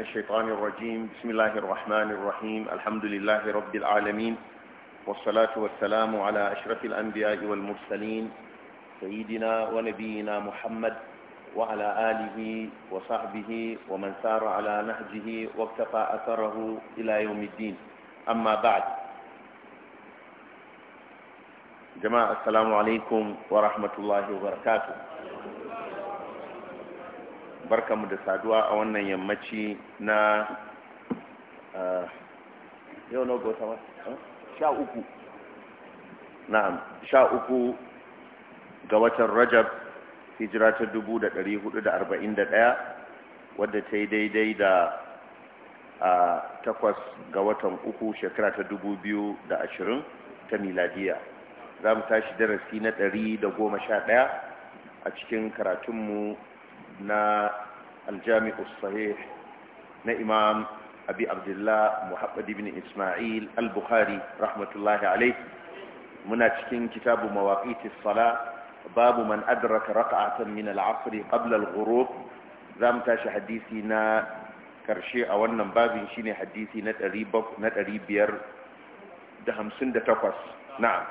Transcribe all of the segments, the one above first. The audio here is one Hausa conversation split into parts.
الشيطان الرجيم بسم الله الرحمن الرحيم الحمد لله رب العالمين والصلاة والسلام على أشرف الأنبياء والمرسلين سيدنا ونبينا محمد وعلى آله وصحبه ومن سار على نهجه واكتفى أثره إلى يوم الدين أما بعد جماعة السلام عليكم ورحمة الله وبركاته barkamu da saduwa a wannan yammaci na eh, yau na gota sha uku na sha uku ga watan rajab hijira ta dubu da ɗari hudu da arba'in da ɗaya wadda ta yi daidai da a takwas ga watan uku shekara ta dubu biyu da ashirin ta miladiya za mu tashi darasi na ɗari da goma sha ɗaya a cikin karatunmu na aljami'u sahih na imam abi abdullah muhammad ibn isma'il al-bukhari rahmatullahi alayh muna cikin kitabu mawaqitis sala babu man adraka rak'atan min al-'asr qabla al-ghurub zamu tashi hadisi na karshe a wannan babin shine hadisi na 500 na 558 na'am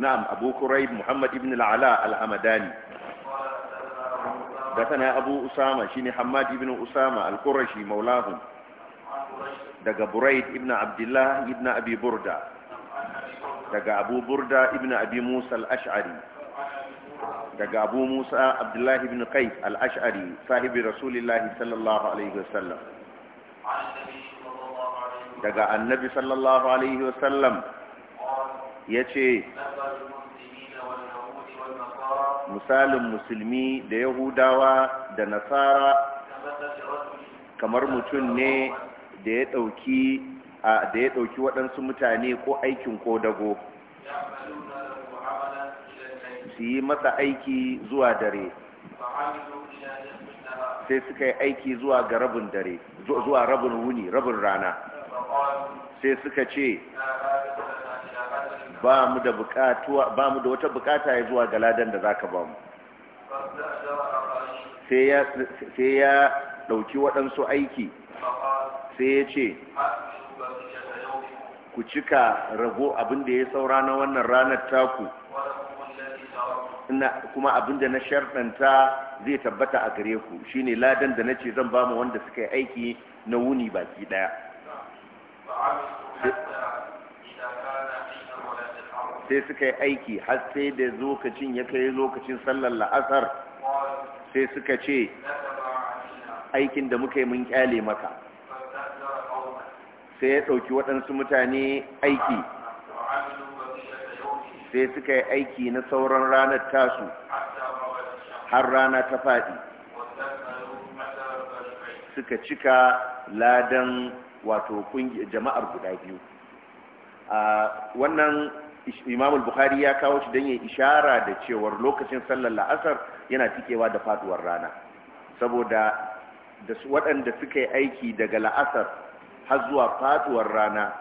na'am abu quraib muhammad ibn al-ala al-hamadani da sana abu usama shine hammad ibn usama al-qurashi maulahum daga buraid ibn abdullah ibn abi burda daga abu burda ibn abi musa al-ash'ari daga abu musa abdullahi ibn qais al-ash'ari sahibi rasulillahi sallallahu alaihi wasallam daga annabi sallallahu alaihi wasallam yace misalin musulmi da yahudawa da nasara kamar mutum ne da ya ɗauki da ya ɗauki waɗansu mutane ko aikin ko dago su yi masa aiki zuwa dare sai suka yi aiki zuwa ga rabin dare zuwa rabin wuni rabin rana sai suka ce ba mu da wata bukata ya zuwa ga ladan da za ba mu sai ya ɗauki waɗansu aiki sai ya ce ku cika rago abin da ya saura na wannan ranar taku kuma abinda na sharɗanta zai tabbata a gare ku shine ladan da na ce zan ba mu wanda suka yi aiki na wuni baki ɗaya sai suka yi aiki har sai da lokacin ya kai lokacin sallar la'asar sai suka ce aikin da muka yi mun kyale maka sai ya ɗauki waɗansu mutane aiki sai suka yi aiki na sauran ranar tasu har rana ta faɗi suka cika ladan wato jama'ar guda biyu a wannan imam al-bukhari ya kawo shi don ya ishara da cewar lokacin sallar la'asar yana tikewa da faduwar rana saboda da waɗanda suka yi aiki daga la'asar har zuwa faduwar rana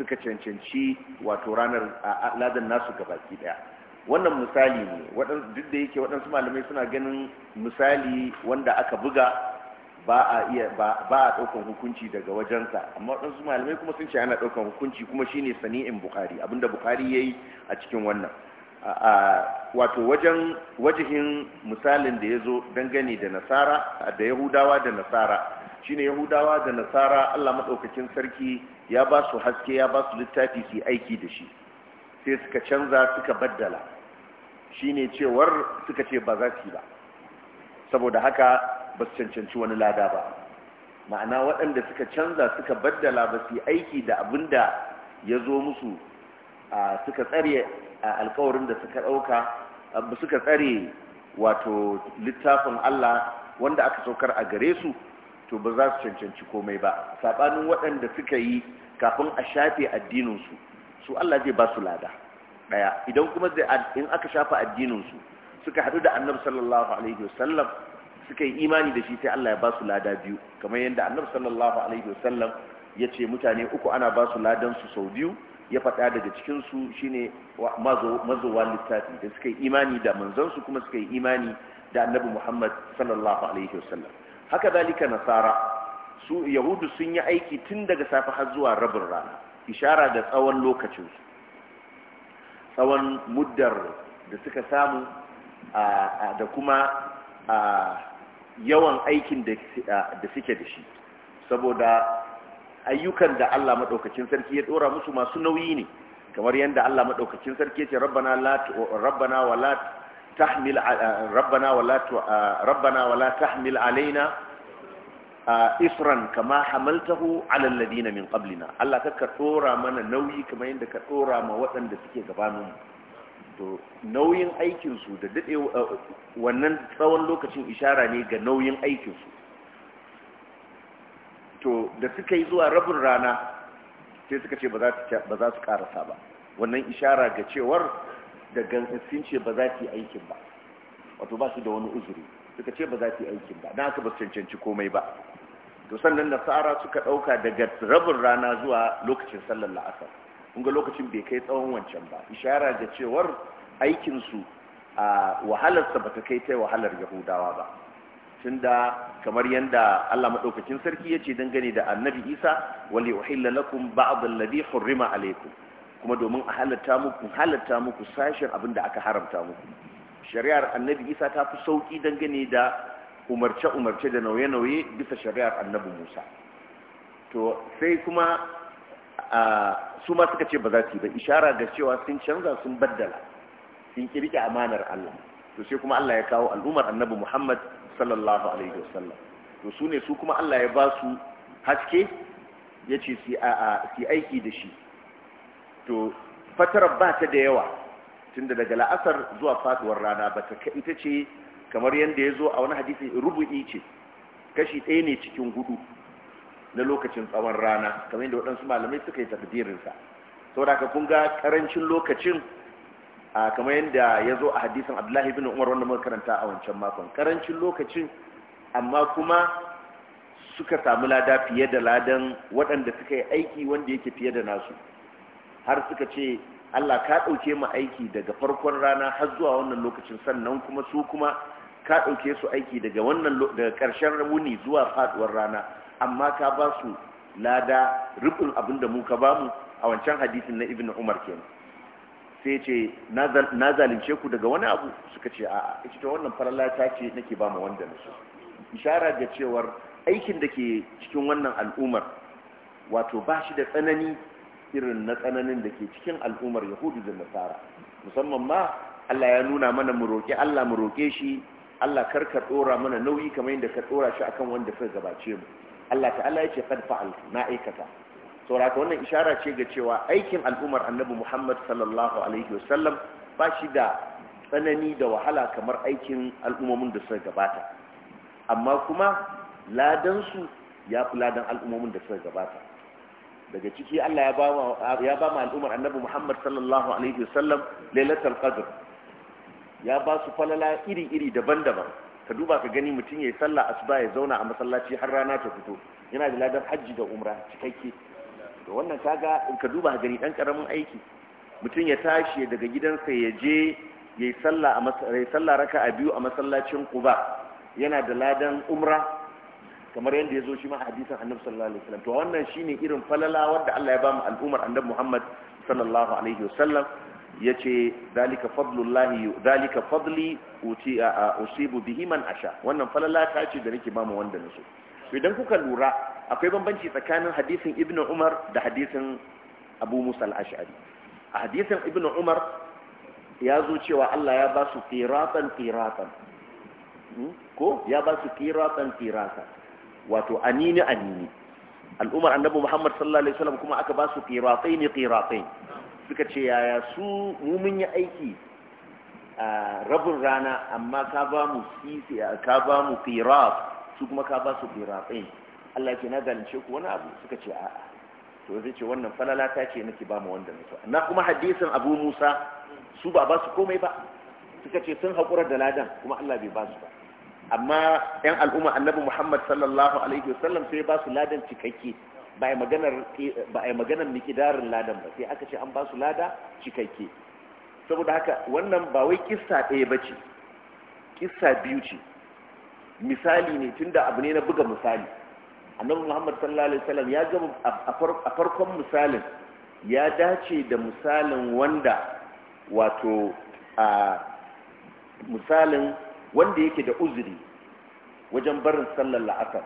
suka cancanci wato ranar ladan nasu gabaki daya wannan misali ne duk da yake waɗansu malamai suna ganin misali wanda aka buga ba a iya ba a ɗaukan hukunci daga wajensa amma waɗansu malamai kuma sun ce ana daukan hukunci kuma shine sani'in bukari abinda bukari yayi a cikin wannan wato wajen wajihin misalin da ya zo dangane da nasara da yahudawa da nasara shine yahudawa da nasara allah maɗaukakin sarki ya ba su haske ya ba su littafi su aiki da shi sai suka canza suka baddala shine cewar suka ce ba za su yi ba saboda haka ba su cancanci wani lada ba ma'ana waɗanda suka canza suka baddala ba su yi aiki da abin da ya zo musu suka tsare alkawarin da suka ɗauka suka tsare wato littafin Allah wanda aka saukar a gare su to ba za su cancanci komai ba saɓanin waɗanda suka yi kafin a shafe addininsu su Allah zai ba su lada ɗaya idan kuma in aka shafa addininsu suka haɗu da annabi sallallahu alaihi wasallam suka yi imani da shi sai Allah ya ba su lada biyu kamar yadda annabi sallallahu alaihi wasallam ya ce mutane uku ana ba su ladan su sau biyu ya faɗa daga cikin su shine mazowa littafi da suka yi imani da manzon su kuma suka yi imani da annabi Muhammad sallallahu alaihi wasallam haka dalika nasara su yahudu sun yi aiki tun daga safe har zuwa rabin rana ishara da tsawon lokacin su tsawon muddar da suka samu da kuma yawan aikin da suke da shi saboda ayyukan da Allah maɗaukacin sarki ya ɗora musu masu nauyi ne kamar yadda Allah maɗaukacin sarki ya ce rabbana wa la tahmil tahmil alaina isran kama hamaltahu ala ladina min qablina Allah ka ɗora mana nauyi kamar yadda ka ɗora ma waɗanda suke gabaninmu to nauyin aikinsu da daɗe uh, wannan tsawon lokacin ishara ne ga nauyin aikinsu to da suka yi zuwa rabin rana sai suka ce ba za su karasa ba wannan ishara ga cewar da gansin ce ba za su yi aikin ba wato ba su da wani uzuri suka ce ba za su yi aikin ba na haka ba su cancanci komai ba to sannan nasara suka ɗauka daga rabin rana zuwa lokacin sallar la'asar Kunga ga lokacin bai kai tsawon wancan ba ishara da cewar aikinsu a wahalarsa ba ta kai ta wahalar yahudawa ba tunda kamar yadda Allah maɗaukakin sarki ya ce dangane da annabi isa wali uhilla lakum ba'd alladhi hurrima alaykum kuma domin a halatta muku halatta muku sashen abin da aka haramta muku shari'ar annabi isa ta fi sauki dangane da umarce umarce da nauye nauye bisa shari'ar annabi musa to sai kuma su ma suka ce ba za su yi ba ishara ga cewa sun canza sun baddala sun kirki amanar Allah to sai kuma Allah ya kawo al'ummar annabi Muhammad sallallahu alaihi wasallam to su ne su kuma Allah ya ba su haske ya ce su aiki da shi to fatarar ba ta da yawa tunda daga la'asar zuwa faduwar rana ba ta ita ce kamar yadda ya zo a wani hadisi rubu'i ce kashi ɗaya ne cikin hudu na lokacin tsawon rana kamar yadda waɗansu malamai suka yi tafidirinsa, sau haka kun ga karancin lokacin a kamar yadda ya zo a hadisan abdullahi bin umar wanda muka karanta a wancan makon karancin lokacin amma kuma suka samu lada fiye da ladan waɗanda suka yi aiki wanda yake fiye da nasu har suka ce allah ka ɗauke mu aiki daga farkon rana har zuwa wannan lokacin sannan kuma su kuma ka ɗauke su aiki daga wannan daga wuni zuwa faɗuwar rana amma ka ba su lada rukun abin da mu ka ba mu a wancan hadisin na ibn umar kenan sai ce na zalunce ku daga wani abu suka ce a'a ita ta wannan farala ta ce nake ba mu wanda na su. ishara ga cewar aikin da ke cikin wannan al'ummar wato ba shi da tsanani irin na tsananin da ke cikin al'ummar yahudu da nasara musamman ma allah ya nuna mana mu roƙe allah mu roƙe shi allah kar ka ɗora mana nauyi kamar yadda ka ɗora shi akan wanda suka gabace mu Allah ta'ala ya ce kad fa'altu na aikata saboda wannan ishara ce ga cewa aikin al'ummar annabi Muhammad sallallahu alaihi wasallam ba shi da tsanani da wahala kamar aikin al'ummomin da suka gabata amma kuma ladansu ya fi ladan al'ummomin da suka gabata daga ciki Allah ya ba ma al'ummar annabi Muhammad sallallahu alaihi wasallam lailatul qadr ya ba su falala iri-iri daban-daban ka duba ka gani mutum ya yi sallah asuba ya zauna a masallaci har rana ta fito yana da ladan hajji da umra cikakke to wannan kaga in ka duba ka gani dan karamin aiki mutum ya tashi daga gidansa ya je ya yi sallah raka a biyu a masallacin quba yana da ladan umra kamar yadda ya zo shi ma a hadisin annabi sallallahu alaihi wasallam to wannan shine irin falala wanda Allah ya ba mu al'ummar annabi Muhammad sallallahu alaihi wasallam yace zalika fadlullahi zalika fadli uti usibu bihi man asha wannan falala ta ce da nake ba mu wanda naso idan kuka lura akwai bambanci tsakanin hadisin ibnu umar da hadisin abu musa al-ash'ari a hadisin ibnu umar ya zo cewa Allah ya ba su qiratan qiratan hmm? ko ya ba su qiratan qiratan wato anini anini Al Umar annabi muhammad sallallahu alaihi wasallam kuma aka ba su qiratayn qiratayn suka ce yaya su mu mun yi aiki a rabin rana amma ka ba mu sisi ka ba mu firaf su kuma ka ba su firafin Allah ke na zalunce ku wani abu suka ce a'a to zai ce wannan falala ta ce nake ba mu wanda na so na kuma hadisin Abu Musa su ba ba su komai ba suka ce sun haƙura da ladan kuma Allah bai ba su ba amma 'yan al'umma annabi Muhammad sallallahu alaihi wasallam sai ba su ladan cikakke ba a maganar mikidarin ladan ba sai aka ce an ba su lada cikakke saboda haka wannan ba wai kissa ɗaya bace ce kissa biyu ce misali ne tunda abu ne na buga misali annabi muhammad sallallahu alaihi wasallam ya gama a farkon misalin ya dace da misalin wanda wato a misalin wanda yake da uzuri wajen barin sallar la'asar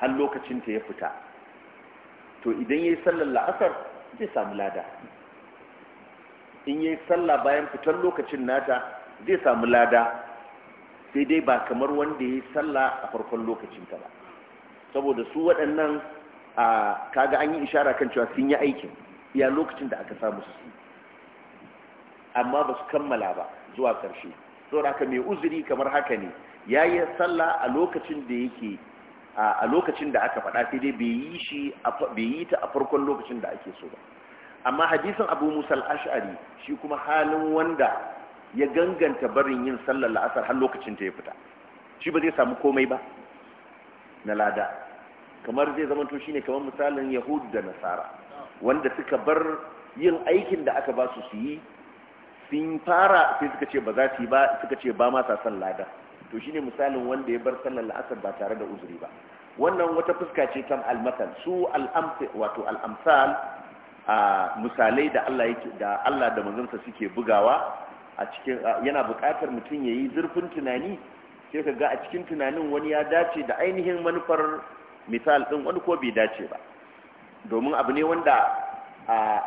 har lokacin ta ya fita to idan ya yi sallar la'asar zai samu lada in ya yi sallah bayan fitar lokacin nata zai samu lada sai dai ba kamar wanda ya yi sallah a farkon lokacin lokacinta ba saboda su waɗannan a kaga an yi ishara kan cewa sun yi aikin ya lokacin da aka samu su amma ba su kammala ba zuwa ƙarshe saboda haka mai uzuri kamar haka ne ya yi sallah a lokacin da yake a lokacin da aka faɗa sai dai bai yi ta a farkon lokacin da ake so ba amma hadisin abu musa al'ashari shi kuma halin wanda ya ganganta barin yin sallar la'asar har lokacin ta ya fita shi ba zai samu komai ba na lada kamar zai zama to shine kamar misalin yahudu da nasara wanda suka bar yin aikin da aka ba su su yi sun fara sai suka ce ba za su yi ba suka ce ba ma sa son lada to shine misalin wanda ya bar sallar la'asar ba tare da uzuri ba wannan wata fuska ce ta almasal su al'amsa wato al'amsal a misalai da Allah yake da Allah da manzonsa suke bugawa a cikin yana buƙatar mutum ya yi zurfin tunani sai ka ga a cikin tunanin wani ya dace da ainihin manufar misal ɗin wani ko bai dace ba domin abu ne wanda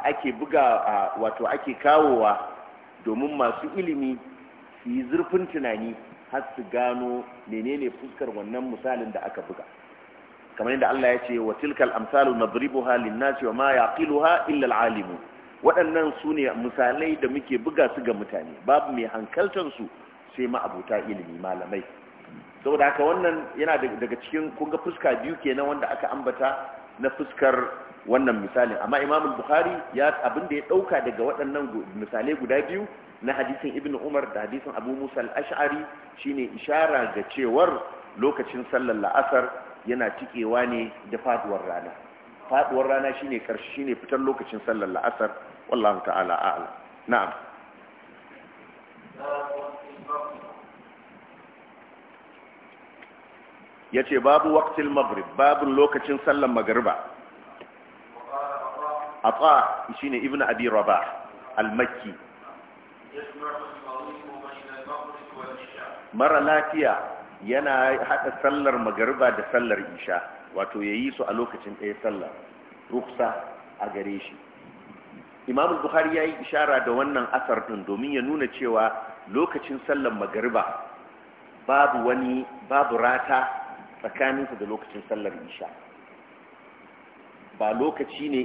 ake buga wato ake kawowa domin masu ilimi su yi zurfin tunani har su gano menene fuskar wannan misalin da aka buga kamar yadda Allah ya ce wa tilkal amsalu nadribuha lin-nasi wa ma yaqiluha illa al waɗannan su ne misalai da muke buga su ga mutane babu mai hankaltar su sai ma'abuta ilimi malamai saboda haka wannan yana daga cikin kunga fuska biyu kenan wanda aka ambata na fuskar wannan misalin amma imamul bukhari ya abin da ya ɗauka daga waɗannan misalai guda biyu na hadisin ibn umar da hadisin abu musa al-ash'ari shine ishara ga cewar lokacin sallar la'asar yana cikewa ne da faduwar rana faduwar rana shine karshe shine fitar lokacin sallar la'asar wallahu ta'ala a'lam na'am yace babu waqtil maghrib babu lokacin sallar magriba ata shine ibn abi rabah al-makki mara lafiya yana haɗa sallar magariba da sallar isha wato ya yi su a lokacin ɗaya sallar ruksa a gare shi imamu buhari ya yi ishara da wannan asar ɗin domin ya nuna cewa lokacin sallar magariba babu wani babu rata tsakaninsa da lokacin sallar isha ba lokaci ne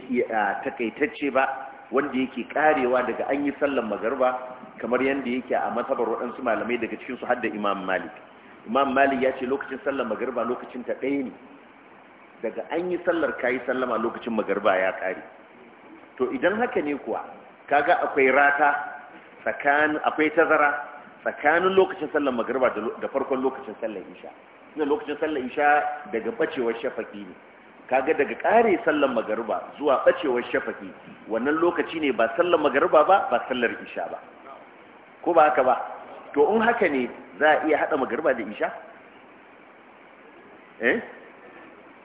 takaitacce ba wanda yake karewa daga an yi sallar magariba kamar yadda yake a matabar waɗansu malamai daga cikinsu hadda imam malik imam malik ya ce lokacin sallar magarba lokacin ta ɗaya ne daga an yi sallar kayi sallama lokacin magarba ya ƙare to idan haka ne kuwa kaga akwai rata akwai tazara tsakanin lokacin sallar magarba da farkon lokacin sallar isha ina lokacin sallar isha daga bacewar shafaki ne kaga daga ƙare sallar magarba zuwa bacewar shafaki wannan lokaci ne ba sallar magarba ba ba sallar isha ba ko ba haka ba to in haka ne za a iya haɗa magarba da isha eh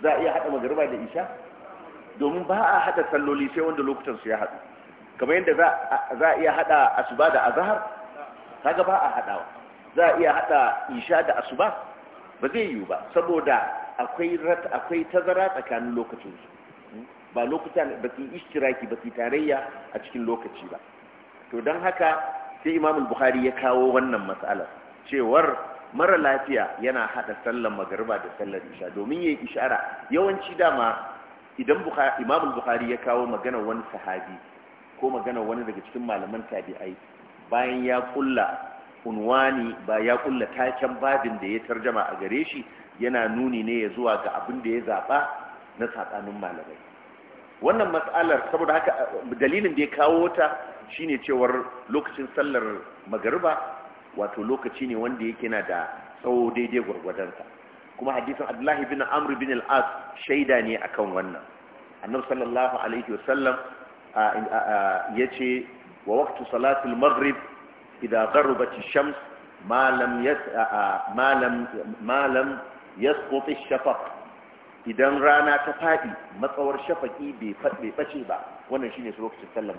za a iya haɗa magarba da isha domin ba a haɗa salloli sai wanda lokutan su ya haɗu kamar yadda za a iya haɗa asuba da azahar kaga ba a haɗawa za a iya haɗa isha da asuba ba zai yiwu ba saboda akwai akwai tazara tsakanin lokacinsu ba lokutan ba su yi ishtiraki ba su tarayya a cikin lokaci ba to don haka sai imam bukhari ya kawo wannan matsalar cewar mara lafiya yana hada sallar magariba da sallar isha domin ya yayi ishara yawanci dama idan imam bukhari ya kawo magana wani sahabi ko magana wani daga cikin malaman tabi'ai bayan ya kulla unwani ba ya kulla taken babin da ya tarjama a gare shi yana nuni ne ya zuwa ga abin da ya zaba na tsakanin malamai wannan matsalar saboda haka dalilin da ya kawo ta shine cewar lokacin sallar magariba wato lokaci ne wanda yake na da tsawo daidai gwargwadonsa kuma hadisin abdullahi bin amr bin al-as shaida ne akan wannan annabi sallallahu alaihi wasallam yace wa waqtu salatul maghrib idha gharabat ash-shams ma lam yas ma lam ma lam yasqut ash-shafaq idan rana ta faɗi matsawar shafaki bai faɗi ɓace ba wannan shine lokacin sallar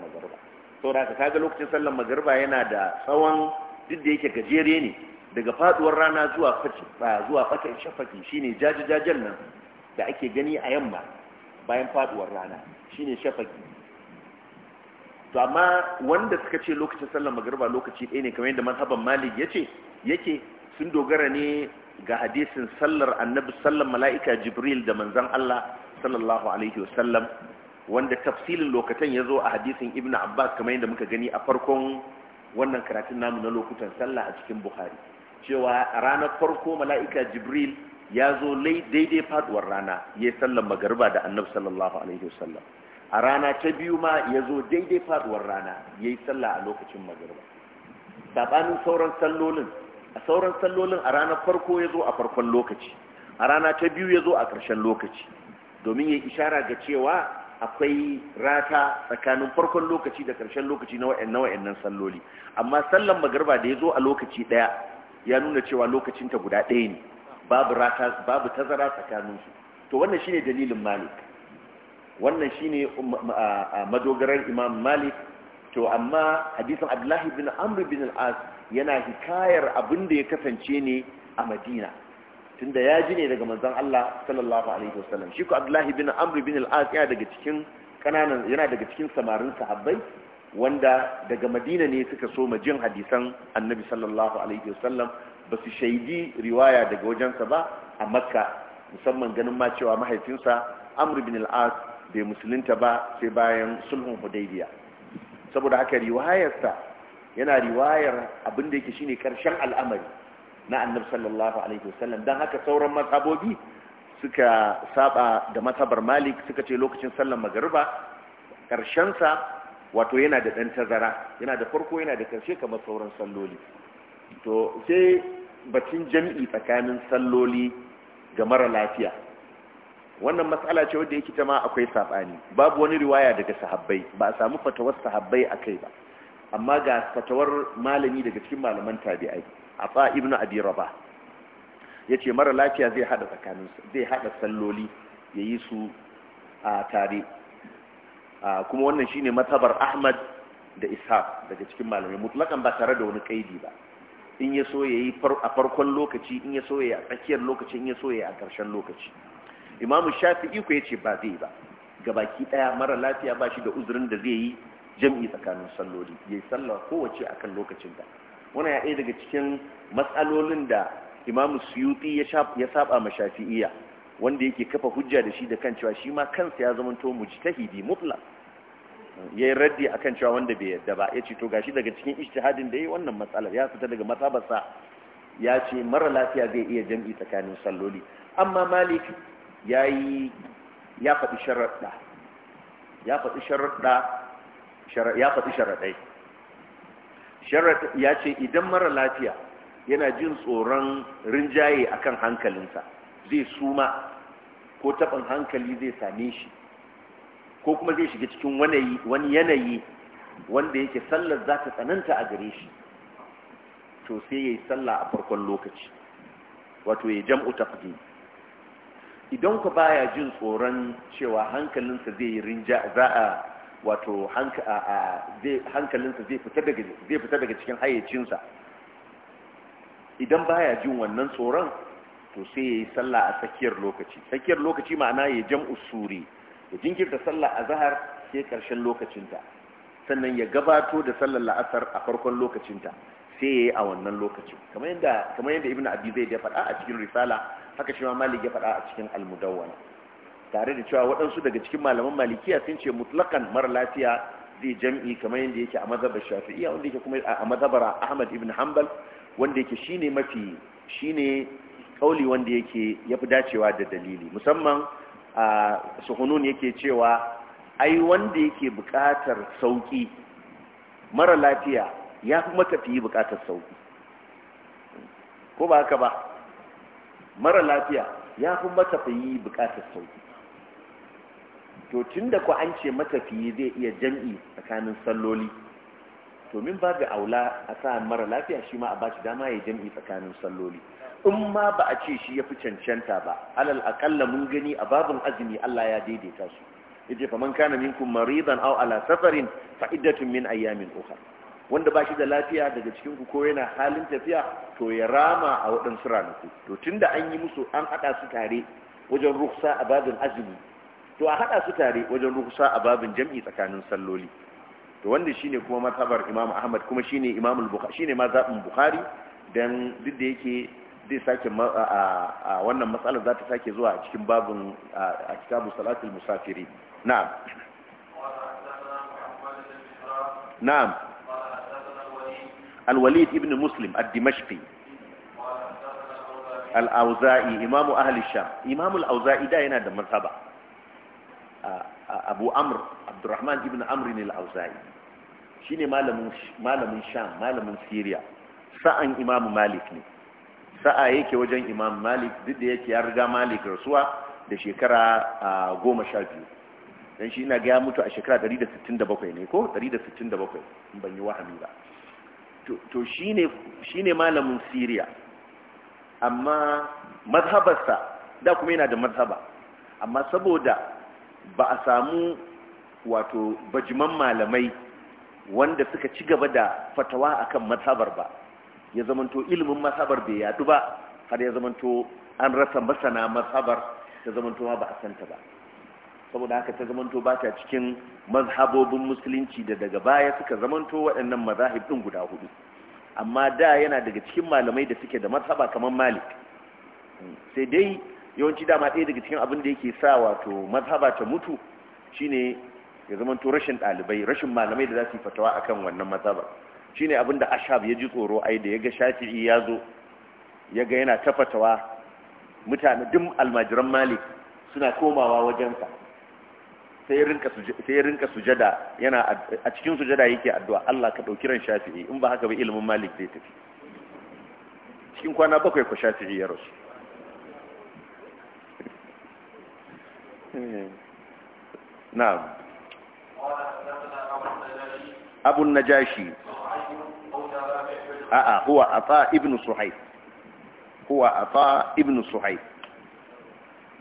to da ka ga lokacin sallar magariba yana da tsawon duk da yake gajere ne daga faduwar rana zuwa zuwa fatar shafaki shine jajen nan da ake gani a yamma bayan faduwar rana shine shafaki to amma wanda suka ce lokacin sallar magarba lokaci ɗaya ne kamar yadda mazhaban malik yace yake sun dogara ne ga hadisin sallar annabi sallan mala'ika jibril da manzan Allah sallallahu alaihi wasallam wanda tafsilin lokacin ya zo a hadisin ibn abbas kamar yadda muka gani a farkon wannan karatun namu na lokutan sallah a cikin Buhari. cewa ranar farko mala'ika jibril ya zo daidai faduwar rana ya sallan magariba da annabi sallallahu alaihi wasallam a rana ta biyu ma ya zo daidai faduwar rana ya yi sallah a lokacin magariba saɓanin sauran sallolin a sauran sallolin a ranar farko ya zo a farkon lokaci a rana ta biyu ya zo a ƙarshen lokaci domin ya ishara ga cewa akwai rata tsakanin farkon lokaci da ƙarshen lokaci na wa'annan salloli amma sallan magarba da ya zo a lokaci ɗaya ya nuna cewa lokacinta guda ɗaya ne babu rata babu tazara tsakaninsu to wannan shine dalilin malik wannan shine um, um, madogarar imam malik to amma hadisin abdullahi bin Amri bin al yana hikayar abin da ya kasance ne a madina tunda ya ji ne daga manzan Allah sallallahu alaihi wasallam shi ko Abdullahi bin amri bin al yana daga cikin daga cikin samarin sahabbai wanda daga Madina ne suka so jin hadisan Annabi sallallahu alaihi wasallam ba su shaidi riwaya daga wajensa ba a Makka musamman ganin ma cewa mahaifinsa amri bin al-As bai musulunta ba sai bayan sulhun Hudaybiya saboda haka riwayarsa yana riwayar abin da yake shine karshen al'amari na annabi sallallahu alaihi wasallam dan haka sauran mazhabobi suka saba da mazhabar malik suka ce lokacin sallar magariba Karshensa wato yana da dan tazara yana da farko yana da karshe kamar sauran salloli to sai batun jami'i tsakanin salloli ga mara lafiya wannan matsala ce wadda yake ta ma akwai sabani babu wani riwaya daga sahabbai ba a samu fatawar sahabbai a kai ba amma ga fatawar malami daga cikin malaman tabi'ai fa ibnu abi raba yace mara lafiya zai hada tsakanin zai hada salloli yayi su a tare kuma wannan shine matabar ahmad da ishaq daga cikin malamai mutlakan ba tare da wani kaidi ba in ya so yayi a farkon lokaci in ya so yayi a tsakiyar lokaci in ya so yayi a ƙarshen lokaci imamu shafi'i ko yace ba zai ba gabaki daya mara lafiya ba shi da uzurin da zai yi jam'i tsakanin salloli yayi sallah kowace akan da wannan ya ɗaya daga cikin matsalolin da Imam Suyuti ya saba ma Shafi'iyya wanda yake kafa hujja da shi da kan cewa shi ma kansa ya zama to mujtahidi mutlaq yayin raddi akan cewa wanda bai yarda ba yace to gashi daga cikin ijtihadin da yayi wannan matsalar ya fita daga matsabarsa ya ce mara lafiya zai iya jam'i tsakanin salloli amma Malik yayi ya faɗi sharaɗa ya faɗi sharaɗa ya faɗi sharaɗai ya ce idan mara lafiya yana jin tsoron rinjaye akan hankalinsa zai suma ko taɓin hankali zai same shi ko kuma zai shiga cikin wani yanayi wanda yake sallar za ta tsananta a gare shi to sai ya yi sallah a farkon lokaci wato ya jam'u tafdi idan ku baya jin tsoron cewa hankalinsa zai yi rinja za a wato hankalinsa zai fita daga cikin hayyacinsa idan ba ya jin wannan tsoron to sai ya yi sallah a tsakiyar lokaci tsakiyar lokaci ma'ana ya jam usuri ya jinkirta sallah a zahar sai ƙarshen lokacinta sannan ya gabato da sallar la'asar a farkon lokacinta sai ya yi a wannan lokacin kamar yadda ibn abi zai ya faɗa a cikin risala haka shi ma malik ya faɗa a cikin almudawwana tare da cewa waɗansu daga cikin malaman malikiya sun ce mutlakan mara lafiya zai jam'i kamar yadda yake a mazhabar shafi'iyya wanda yake kuma a mazhabar ahmad ibn hanbal wanda yake shine mafi shine kauli wanda yake yafi dacewa da dalili musamman a suhunun yake cewa ai wanda yake buƙatar sauki mara lafiya ya fi matafiyi buƙatar sauki ko ba haka ba mara lafiya ya fi matafiyi buƙatar sauki to da ku an ce fiye zai iya jam'i tsakanin salloli to min ba babu aula a sa mara lafiya shi ma a shi dama ya jam'i tsakanin salloli in ma ba a ce shi ya fi cancanta ba alal akalla mun gani a babin azumi Allah ya daidaita su yace fa man kana minkum maridan aw ala safarin fa iddatun min ayyamin ukhra wanda ba shi da lafiya daga cikin ku ko yana halin tafiya to ya rama a waɗansu ranaku to tunda an yi musu an haɗa su tare wajen ruksa a babin azumi to a haɗa su tare wajen rukusa a babin jam'i tsakanin salloli to wanda shine kuma matabar imam ahmad kuma shine imam al-bukhari shine ma zaɓin bukhari dan duk da yake zai sake a wannan matsalar za ta sake zuwa a cikin babin a kitabu salatul musafiri na'am na'am al-walid ibn muslim ad-dimashqi al-auza'i imamu ahli sham imamu al-auza'i da yana da martaba abu amr abdurrahman ibn amr ne al-auza'i shine malamin malamin sham malamin syria sa'an imam malik ne sa'a yake wajen imam malik duk da yake ya riga malik rasuwa da shekara goma sha biyu shi ina ga ya mutu a shekara 167 ne ko 167 ban yi wahami ba to shi ne malamin syria amma mazhabarsa da kuma yana da mazhaba amma saboda ba a samu wato bajiman malamai wanda suka ci gaba da fatawa akan matsabar ba ya zamanto ilimin matsabar bai yadu ba har ya zamanto an rasa masana matsabar ta zamanto ba a santa ba saboda haka ta zamanto ba ta cikin mazhabobin musulunci da daga baya suka zamanto waɗannan mazahib ɗin guda hudu amma da yana daga cikin malamai da suke da matsaba kamar malik sai dai yawanci dama ɗaya daga cikin abin da yake sa wato mazhaba ta mutu shine ya zamanto rashin ɗalibai rashin malamai da za su yi fatawa a kan wannan mazhaba shine abin da ashab ya ji tsoro ai da ya ga shafi'i ya zo ya ga yana ta fatawa mutane duk almajiran malik suna komawa wajensa sai rinka sujada yana a cikin sujada yake addu'a Allah ka ɗauki ran shafi'i in ba haka ba ilimin malik zai tafi cikin kwana bakwai ku shafi'i ya rasu na'am abu najashi a'a huwa ata ibn suhaib huwa ata ibn suhaib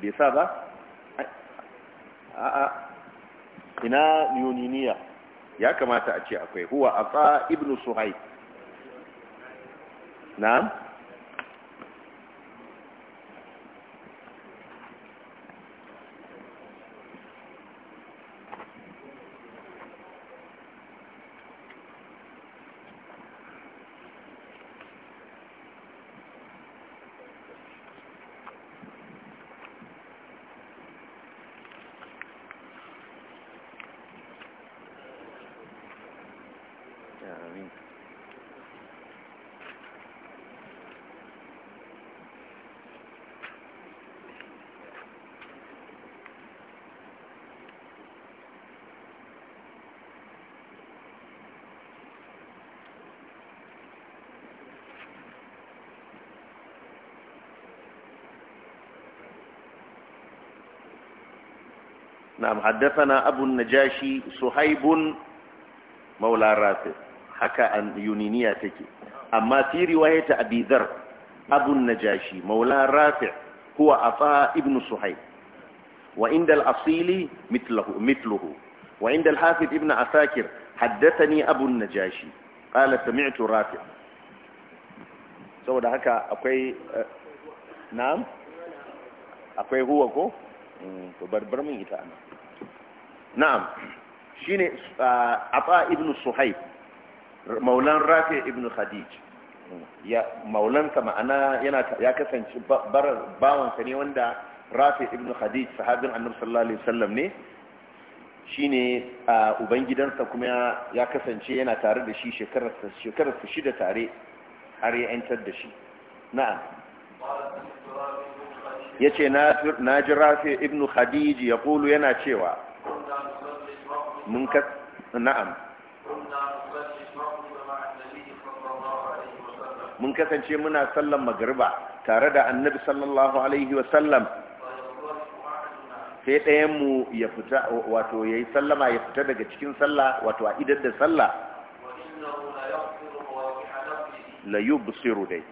bai sa ba a'a ina yuniniya ya kamata a ce akwai huwa ata ibn suhaib Na. حدثنا أبو النجاشي صهيب مولى رافع حكى عن يونينية تكي أما في رواية أبي ذر أبو النجاشي مولى رافع هو عطاء ابن صهيب وعند الأصيل مثله, مثله وعند الحافظ ابن عساكر حدثني أبو النجاشي قال سمعت رافع saboda haka akwai na'am akwai huwa ko to barbar min ita ana na'am shine ata ibn suhaib maulan rafi ibn khadij ya maulan ka ma'ana yana ya kasance bawan sa ne wanda rafi ibn khadij sahabin annabi sallallahu alaihi wasallam ne shine ubangidansa kuma ya kasance yana tare da shi shekarar shekarar su shida tare har ya yantar da shi na'am yace na na ji rafi ibn khadij ya kulu yana cewa mun ka na'am mun kasance muna sallan magariba tare da annabi sallallahu alaihi wasallam sai ɗayanmu ya fita wato ya yi sallama ya fita daga cikin sallah wato a idar da sallah la yi busiru dai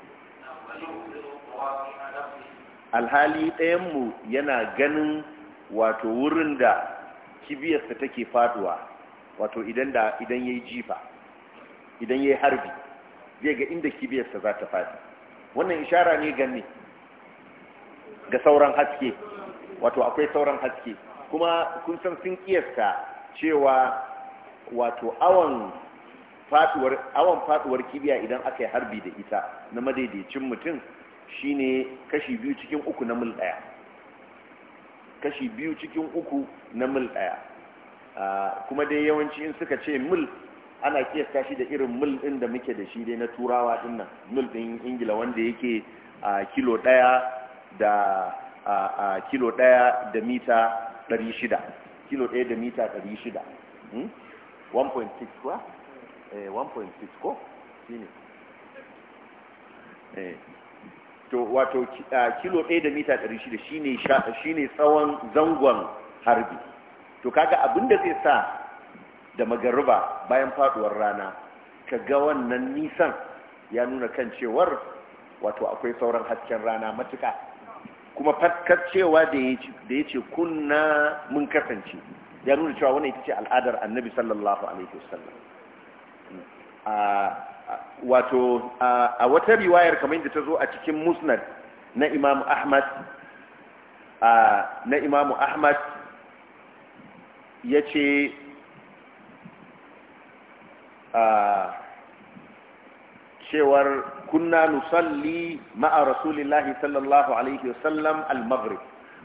alhali ɗayanmu yana ganin wato wurin da kibiyarsa take faduwa wato idan da idan yayi jifa idan yayi harbi zai ga inda kibiyarsa za ta fadi wannan ishara ne ga ne ga sauran haske wato akwai sauran haske kuma kun san sun kiyasta cewa wato awan faduwar awan faduwar kibiya idan aka yi harbi da ita na madaidaicin mutum shine kashi biyu cikin uku na mun daya kashi biyu cikin uku na mil ɗaya kuma dai yawanci in suka ce mil ana kiyasta shi da irin mil ɗin da muke da shi dai na turawa ɗin nan mil ɗin ingila wanda yake a kilo ɗaya da a kilo ɗaya da mita ɗari shida kilo ɗaya da mita ɗari shida 1.6 hmm? kuwa 1.6 eh, ko shi ne eh. to wato kilo ɗaya da mita ɗari shida shine tsawon zangon harbi to kaga abin da zai sa da magaruba bayan faduwar rana ka ga wannan nisan ya nuna kan cewar wato akwai sauran hasken rana matuka kuma fatkar cewa da ya ce kunna mun kasance ya nuna cewa wani ita ce al'adar annabi sallallahu alaihi wasallam hmm. wato a wata riwayar kamar yadda ta zo a cikin musnad na imam ahmad na imam ahmad ya ce cewar kunna nusalli ma'a rasulillahi sallallahu alaihi wasallam al-maghrib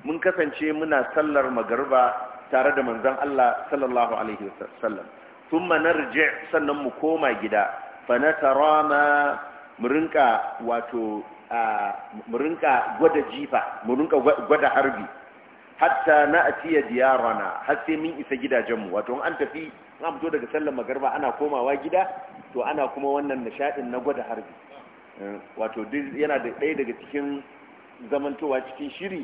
mun kasance muna sallar magarba tare da manzan Allah sallallahu alaihi wasallam thumma narji sannan mu koma gida fanatarama murinka wato murinka gwada jifa murinka gwada harbi hatta na atiya diyarana har sai mun isa gidajenmu wato an tafi an fito daga sallar magarba ana komawa gida to ana kuma wannan nishadin na gwada harbi eh, wato yana da ɗaya daga cikin zamantowa cikin shiri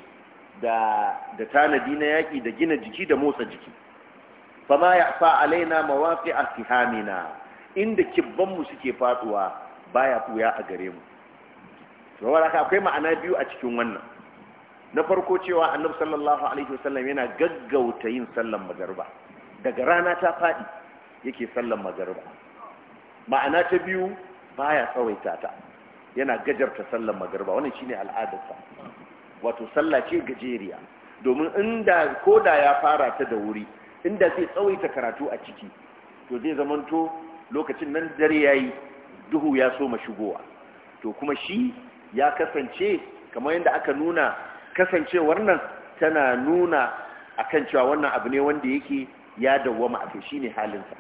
da tanadi na yaƙi da gina jiki da motsa jiki fama ya fa alaina mawafi a inda kibbanmu suke faduwa baya kuya a gare mu saboda akwai ma'ana biyu a cikin wannan na farko cewa annabi sallallahu alaihi wasallam yana gaggauta yin sallan magariba daga rana ta fadi yake sallan magariba ma'ana ta biyu baya tsawaita ta yana gajarta sallan magariba wannan shine al'adarsa wato sallah ce gajeriya domin inda koda ya fara ta da wuri inda zai tsawaita karatu a ciki to zai zamanto lokacin nan dare ya yi duhu ya so ma shigowa to kuma shi ya kasance kamar yadda aka nuna kasancewar nan tana nuna a kan cewa wannan abu ne wanda yake ya dawwama a kai shine halinsa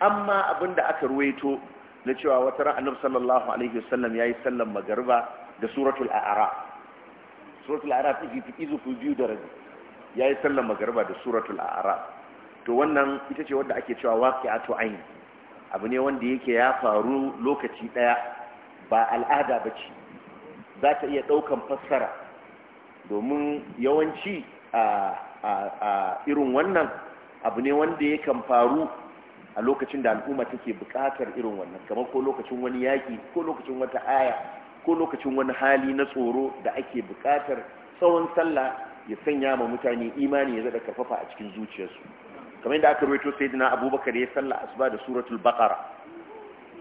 amma abin da aka ruwaito na cewa wata ran annabi sallallahu alaihi wasallam yayi sallan magariba da suratul a'raf suratul fi fi izu fi biyu da rabi yayi sallan magariba da suratul to wannan ita ce wadda ake cewa waqi'atu ayn abu ne wanda yake ya faru lokaci ɗaya ba al'ada ba ce za ta iya ɗaukan fassara domin yawanci a irin wannan abu ne wanda yakan faru a lokacin da al'umma take bukatar irin wannan kamar ko lokacin wani yaƙi ko lokacin wata aya ko lokacin wani hali na tsoro da ake bukatar tsawon sallah ya sanya ma mutane imani ya zaɗa karfafa a cikin zuciyarsu kamar yadda aka rubuto sayyidina abubakar ya salla asuba da suratul baqara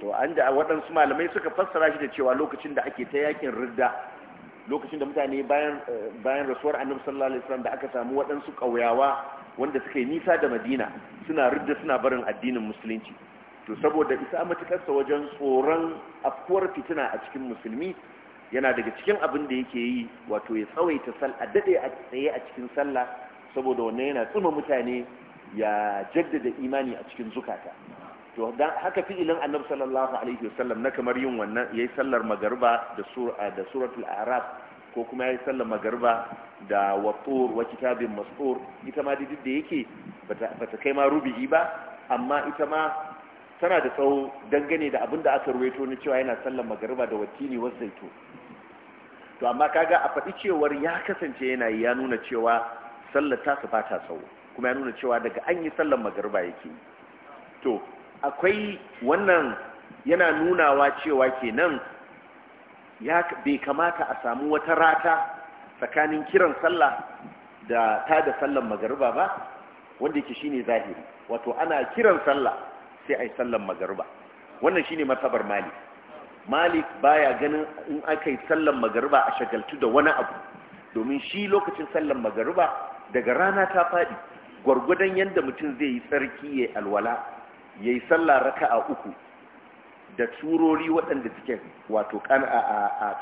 to an da waɗansu malamai suka fassara shi da cewa lokacin da ake ta yakin ridda lokacin da mutane bayan eh, bayan rasuwar annabi sallallahu alaihi wasallam da aka samu waɗansu ƙauyawa wanda suka yi nisa da madina suna ridda suna barin addinin musulunci to saboda isa matukarsa wajen tsoron afkuwar fitina a cikin musulmi yana daga cikin abin da yake yi wato ya tsawaita sallah daɗe a tsaye a cikin sallah saboda wannan yana tsuma mutane ya jaddada imani a cikin zukata to haka fi'ilin annabi sallallahu alaihi wasallam na kamar yin wannan yayi sallar magariba da sura da suratul a'raf ko kuma yayi sallar magariba da watur wa kitabin ita ma duk da yake bata kai ma rubi'i ba amma ita ma tana da tsawo dangane da abin da aka ruwaito na cewa yana sallar magariba da wattini wasu zaitu to amma kaga a faɗi cewar ya kasance yana ya nuna cewa sallar ta su ba ta tsawo kuma ya nuna cewa daga an yi sallan magariba yake to akwai wannan yana nunawa cewa kenan ya bai kamata a samu wata rata tsakanin kiran sallah da ta da sallan magariba ba wanda yake shine zahiri wato ana kiran sallah sai ai sallan magariba wannan shine masabar malik malik baya ganin in aka yi sallan magariba a shagaltu da wani abu domin shi lokacin sallan magariba daga rana ta faɗi gwargwadon yadda mutum zai yi tsarki ya alwala ya yi sallah raka a uku da turori waɗanda suke wato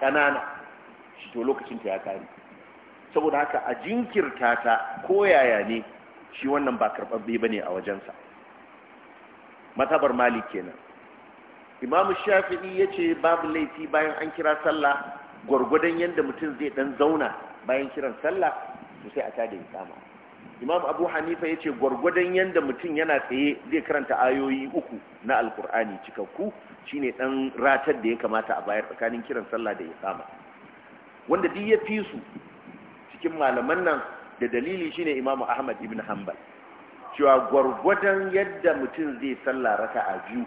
ƙanana shi to lokacin ta ya kari saboda haka a jinkirta ta koyaya ne shi wannan ba karɓaɓɓe ba ne a wajensa matabar mali kenan imamu shafi'i ya ce babu laifi bayan an kira sallah gwargwadon yadda mutum zai ɗan zauna bayan kiran sallah to sai a tada ya sama imam abu hanifa ya ce gwargwadon yadda mutum yana tsaye zai karanta ayoyi uku na alkur'ani cikakku shine dan ratar da ya kamata a bayar tsakanin kiran sallah da ya sama wanda duk ya fi su cikin malaman nan da dalili shine imam ahmad ibn hanbal cewa gwargwadon yadda mutum zai sallah a biyu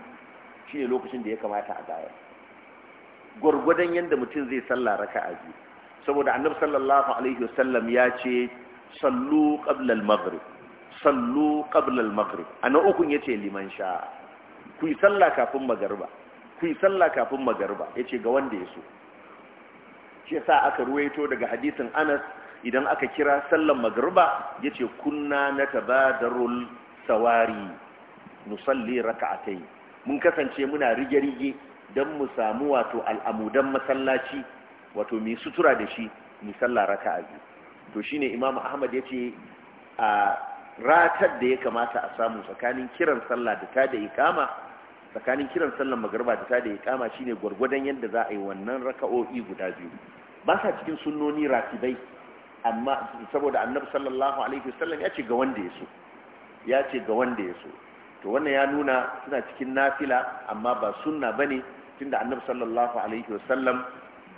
shine lokacin da ya kamata a bayar gwargwadon yadda mutum zai sallah a biyu saboda annabi sallallahu alaihi wasallam ya ce sallu qablal maghrib sallu qablal maghrib ana ukun yace liman sha ku yi sallah kafin magariba ku yi sallah kafin magariba yace ga wanda ya so shi yasa aka ruwaito daga hadisin Anas idan aka kira sallan magariba yace kunna natabadarul sawari nusalli rak'atayn mun kasance muna rige-rige don mu samu wato al'amudan masallaci wato mai sutura da shi mu sallah raka'a biyu to shine imam ahmad ya ce a ratar da ya kamata a samu tsakanin kiran sallah da ta da ikama tsakanin kiran sallah magarba da ta da ikama shine gwargwadon yadda za a yi wannan raka'o'i guda biyu ba sa cikin sunnoni ratibai amma saboda annabi sallallahu alaihi wasallam ya ce ga wanda ya so ya ce ga wanda ya so to wannan ya nuna suna cikin nafila amma ba sunna bane tunda annabi sallallahu alaihi wasallam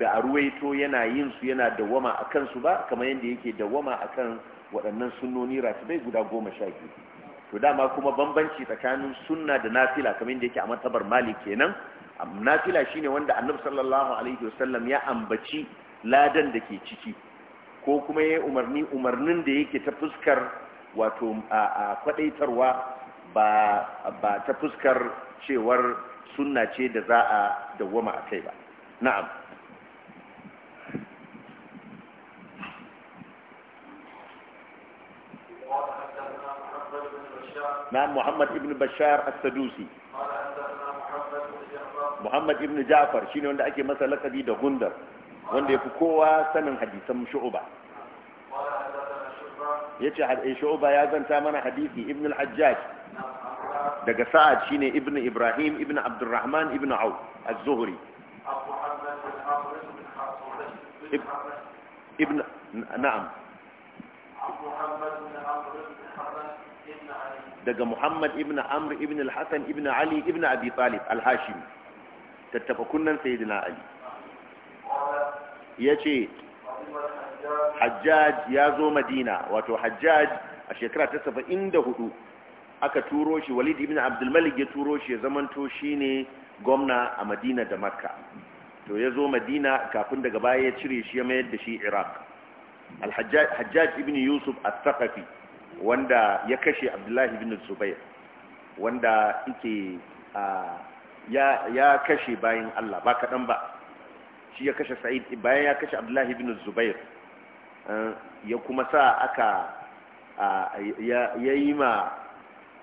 da a ruwaito yana yin su yana dawama a kansu ba kamar yadda yake dawama a kan waɗannan sunnoni rasulai guda goma sha biyu to dama kuma bambanci tsakanin sunna da nafila kamar yadda yake a matabar malik kenan nafila shine wanda annabi sallallahu alaihi wasallam ya ambaci ladan da ke ciki ko kuma ya umarni umarnin da yake ta fuskar wato a kwadaitarwa ba ta fuskar cewar sunna ce da za a dawama a kai ba na'am نعم محمد ابن بشار السدوسي محمد ابن جعفر شنو وند اكي مساله كدي ده غندر وند يكو كوا سنن حديث شعبه شعوبة حد اي شعبه يا زنتا من حديثي ابن الحجاج دغ سعد شنو ابن ابراهيم ابن عبد الرحمن ابن عو الزهري ابن نعم ابو daga Muhammad ibn Amr ibn al-Hasan ibn Ali ibn Abi Talib al-Hashimi tattaba kunnan sayyidina Ali yace Hajjaj ya zo Madina wato Hajjaj a shekara ta 74 aka turo shi Walid ibn Abdul Malik ya turo shi ya zamanto shine gwamna a Madina da Makka to ya zo Madina kafin daga baya ya cire shi ya mayar da shi Iraq al-Hajjaj ibn Yusuf al-Thaqafi wanda ya kashe abdullahi bin zubair wanda yake ya kashe bayan Allah ba kaɗan ba shi ya kashe sa'id bayan ya kashe abdullahi bin zubair ya kuma sa aka ya yi ma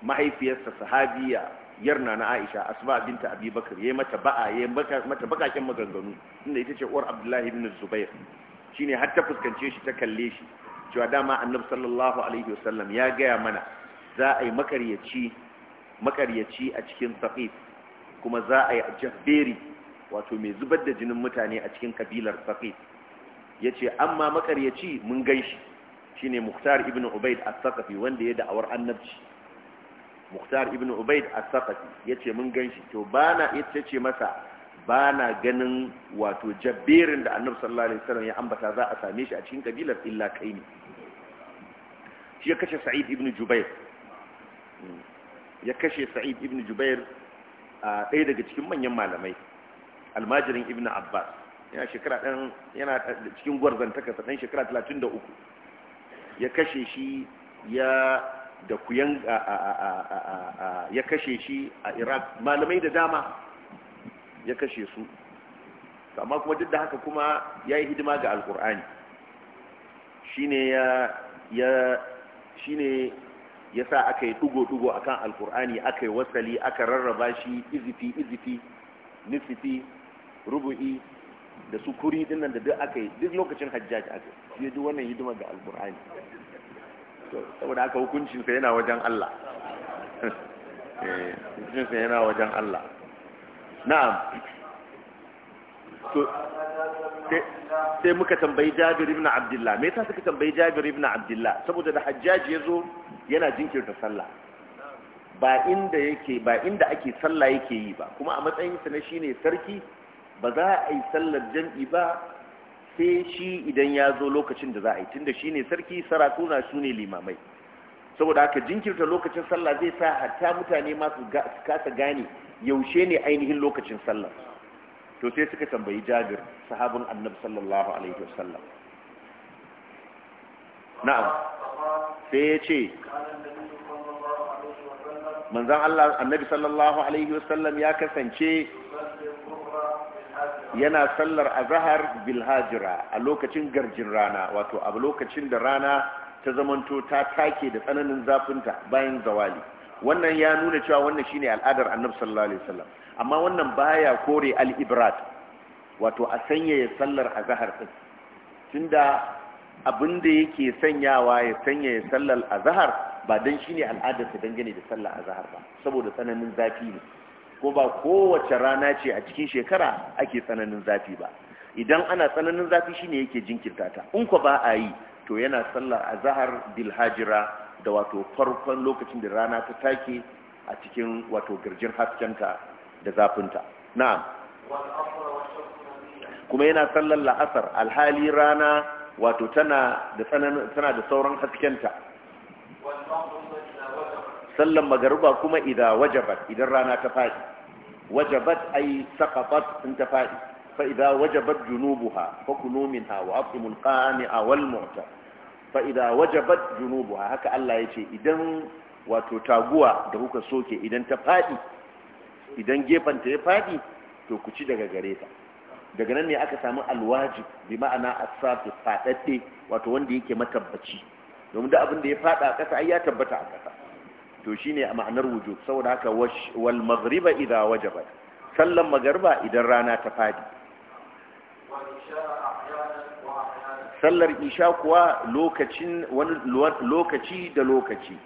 mahaifiyarsa sahabiya yarna na aisha asma binta abubakar ya yi mata ba'a ya yi mata bakakin maganganu inda ita ce uwar abdullahi bin zubair ne har ta fuskance shi ta kalle shi cewa dama annabi sallallahu alaihi wasallam ya gaya mana za a yi makaryaci makaryaci a cikin saqif kuma za a yi jabberi wato mai zubar da jinin mutane a cikin kabilar saqif yace amma makaryaci mun Shi shine Mukhtar ibn Ubaid as-Saqafi wanda ya da'awar annabci Mukhtar ibn Ubaid as-Saqafi yace mun ganshi to bana yace ce masa ba na ganin wato jabberin da annabi sallallahu alaihi wasallam ya ambata za a same shi a cikin kabilar illa kai ne shi ya kashe sa'id ibn jubair ya kashe sa'id ibn jubair a ɗaya daga cikin manyan malamai almajirin ibn abbas yana shekara ɗan yana cikin gwarzantaka ɗan shekara 33 ya kashe shi ya da kuyan ya kashe shi a iraq malamai da dama ya kashe su amma kuma duk da haka kuma ya yi hidima ga alkur'ani shi ne ya sa aka yi dugo-dugo akan alkur'ani aka yi wasali aka rarraba shi izifi izifi nufifi rubu'i da su kuri dinnan da duk aka yi duk lokacin hajjaj aka yi yadda wannan hidima ga alkur'ani saboda aka hukuncinsa yana wajen Allah eh, hukuncinsa yana wajen Allah na'am to sai muka tambayi Jabir ibn Abdullah me yasa suka tambayi Jabir ibn Abdullah saboda da Hajjaj yazo yana jinkirta sallah ba inda yake ba inda ake sallah yake yi ba kuma a matsayin sa na shine sarki ba za a yi sallar jam'i ba sai shi idan ya zo lokacin da za a yi tunda shine sarki sarakuna su ne limamai saboda haka jinkirta lokacin sallah zai sa hatta mutane masu kasa gane yaushe ne ainihin lokacin sallar to sai suka tambayi jabir sahabin annabi sallallahu alaihi wasallam na'am sai ya ce manzan Allah annabi sallallahu alaihi wasallam ya kasance yana sallar azahar bilhajira a lokacin garjin rana wato a lokacin da rana ta zamanto ta take da tsananin zafinta bayan zawali wannan ya nuna cewa wannan shine al'adar annabi sallallahu alaihi wasallam amma wannan baya kore al-ibrat wato a sanyaya sallar azhar din tunda abin da yake sanyawa ya sanyaya sallar azhar ba dan shine al'adar ta dangane da sallar azhar ba saboda tsananin zafi ne ko ba kowace rana ce a cikin shekara ake tsananin zafi ba idan ana tsananin zafi shine yake jinkirta ta in ko ba a yi to yana sallar azhar bil hajira da wato farkon lokacin da rana ta take a cikin wato girjin haskenta da zafinta na'am kuma yana sallar la'asar alhali rana wato tana da sauran haskenta sallan magariba kuma idan wajabat idan rana ta faɗi, wajabat ay saqatat sun ta fadi fa idza wajabat junubuha fakulu minha wa at'imul qani'a a mu'tar fa'ida wajabat a haka Allah ya ce idan wato taguwa da kuka soke idan ta faɗi idan gefanta ya faɗi to ku ci daga gare ta daga nan ne aka samu alwajib bi ma'ana asafi faɗaɗe wato wanda yake matabbaci domin da abin da ya faɗa a ƙasa ai ya tabbata a ƙasa to shine a ma'anar wujub saboda haka wal maghriba idan wajabat sallan magariba idan rana ta faɗi sallar isha kuwa lokacin wani lokaci da lokaci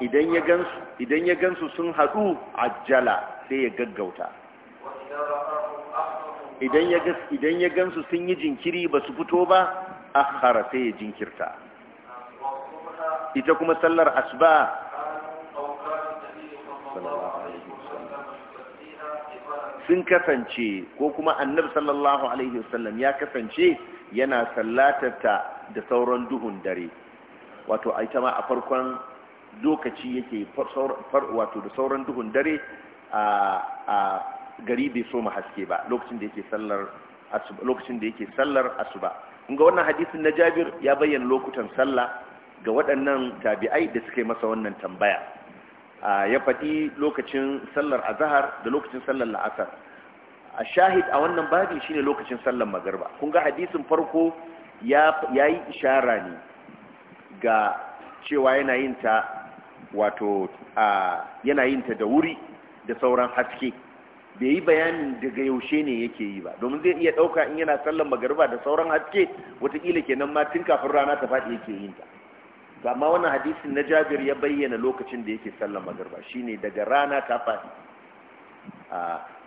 idan ya gansu idan ya gansu sun hadu ajjala sai ya gaggauta idan ya idan ya gansu sun yi jinkiri ba su fito ba akhara sai ya jinkirta ita kuma sallar asuba sun kasance ko kuma annabi sallallahu alaihi wasallam ya kasance yana sallatarta da sauran duhun dare wato a ma a farkon lokaci yake wato da sauran duhun dare a gari bai so mu haske ba lokacin da yake sallar asuba lokacin sallar asuba kunga wannan hadisin na Jabir ya bayyana lokutan sallah ga waɗannan tabi'ai da suka yi masa wannan tambaya ya faɗi lokacin sallar azahar da lokacin sallar la'asar a shahid a wannan babi shine lokacin sallar magarba kun ga hadisin farko ya yi ishara ne ga cewa yana yin ta wato yana yin ta da wuri da sauran haske bai yi bayanin daga yaushe ne yake yi ba domin zai iya ɗauka in yana sallar magarba da sauran haske watakila kenan ma tun kafin rana ta faɗi yake yin ta to amma wannan hadisin na jabir ya bayyana lokacin da yake sallar magarba shine daga rana ta fadi.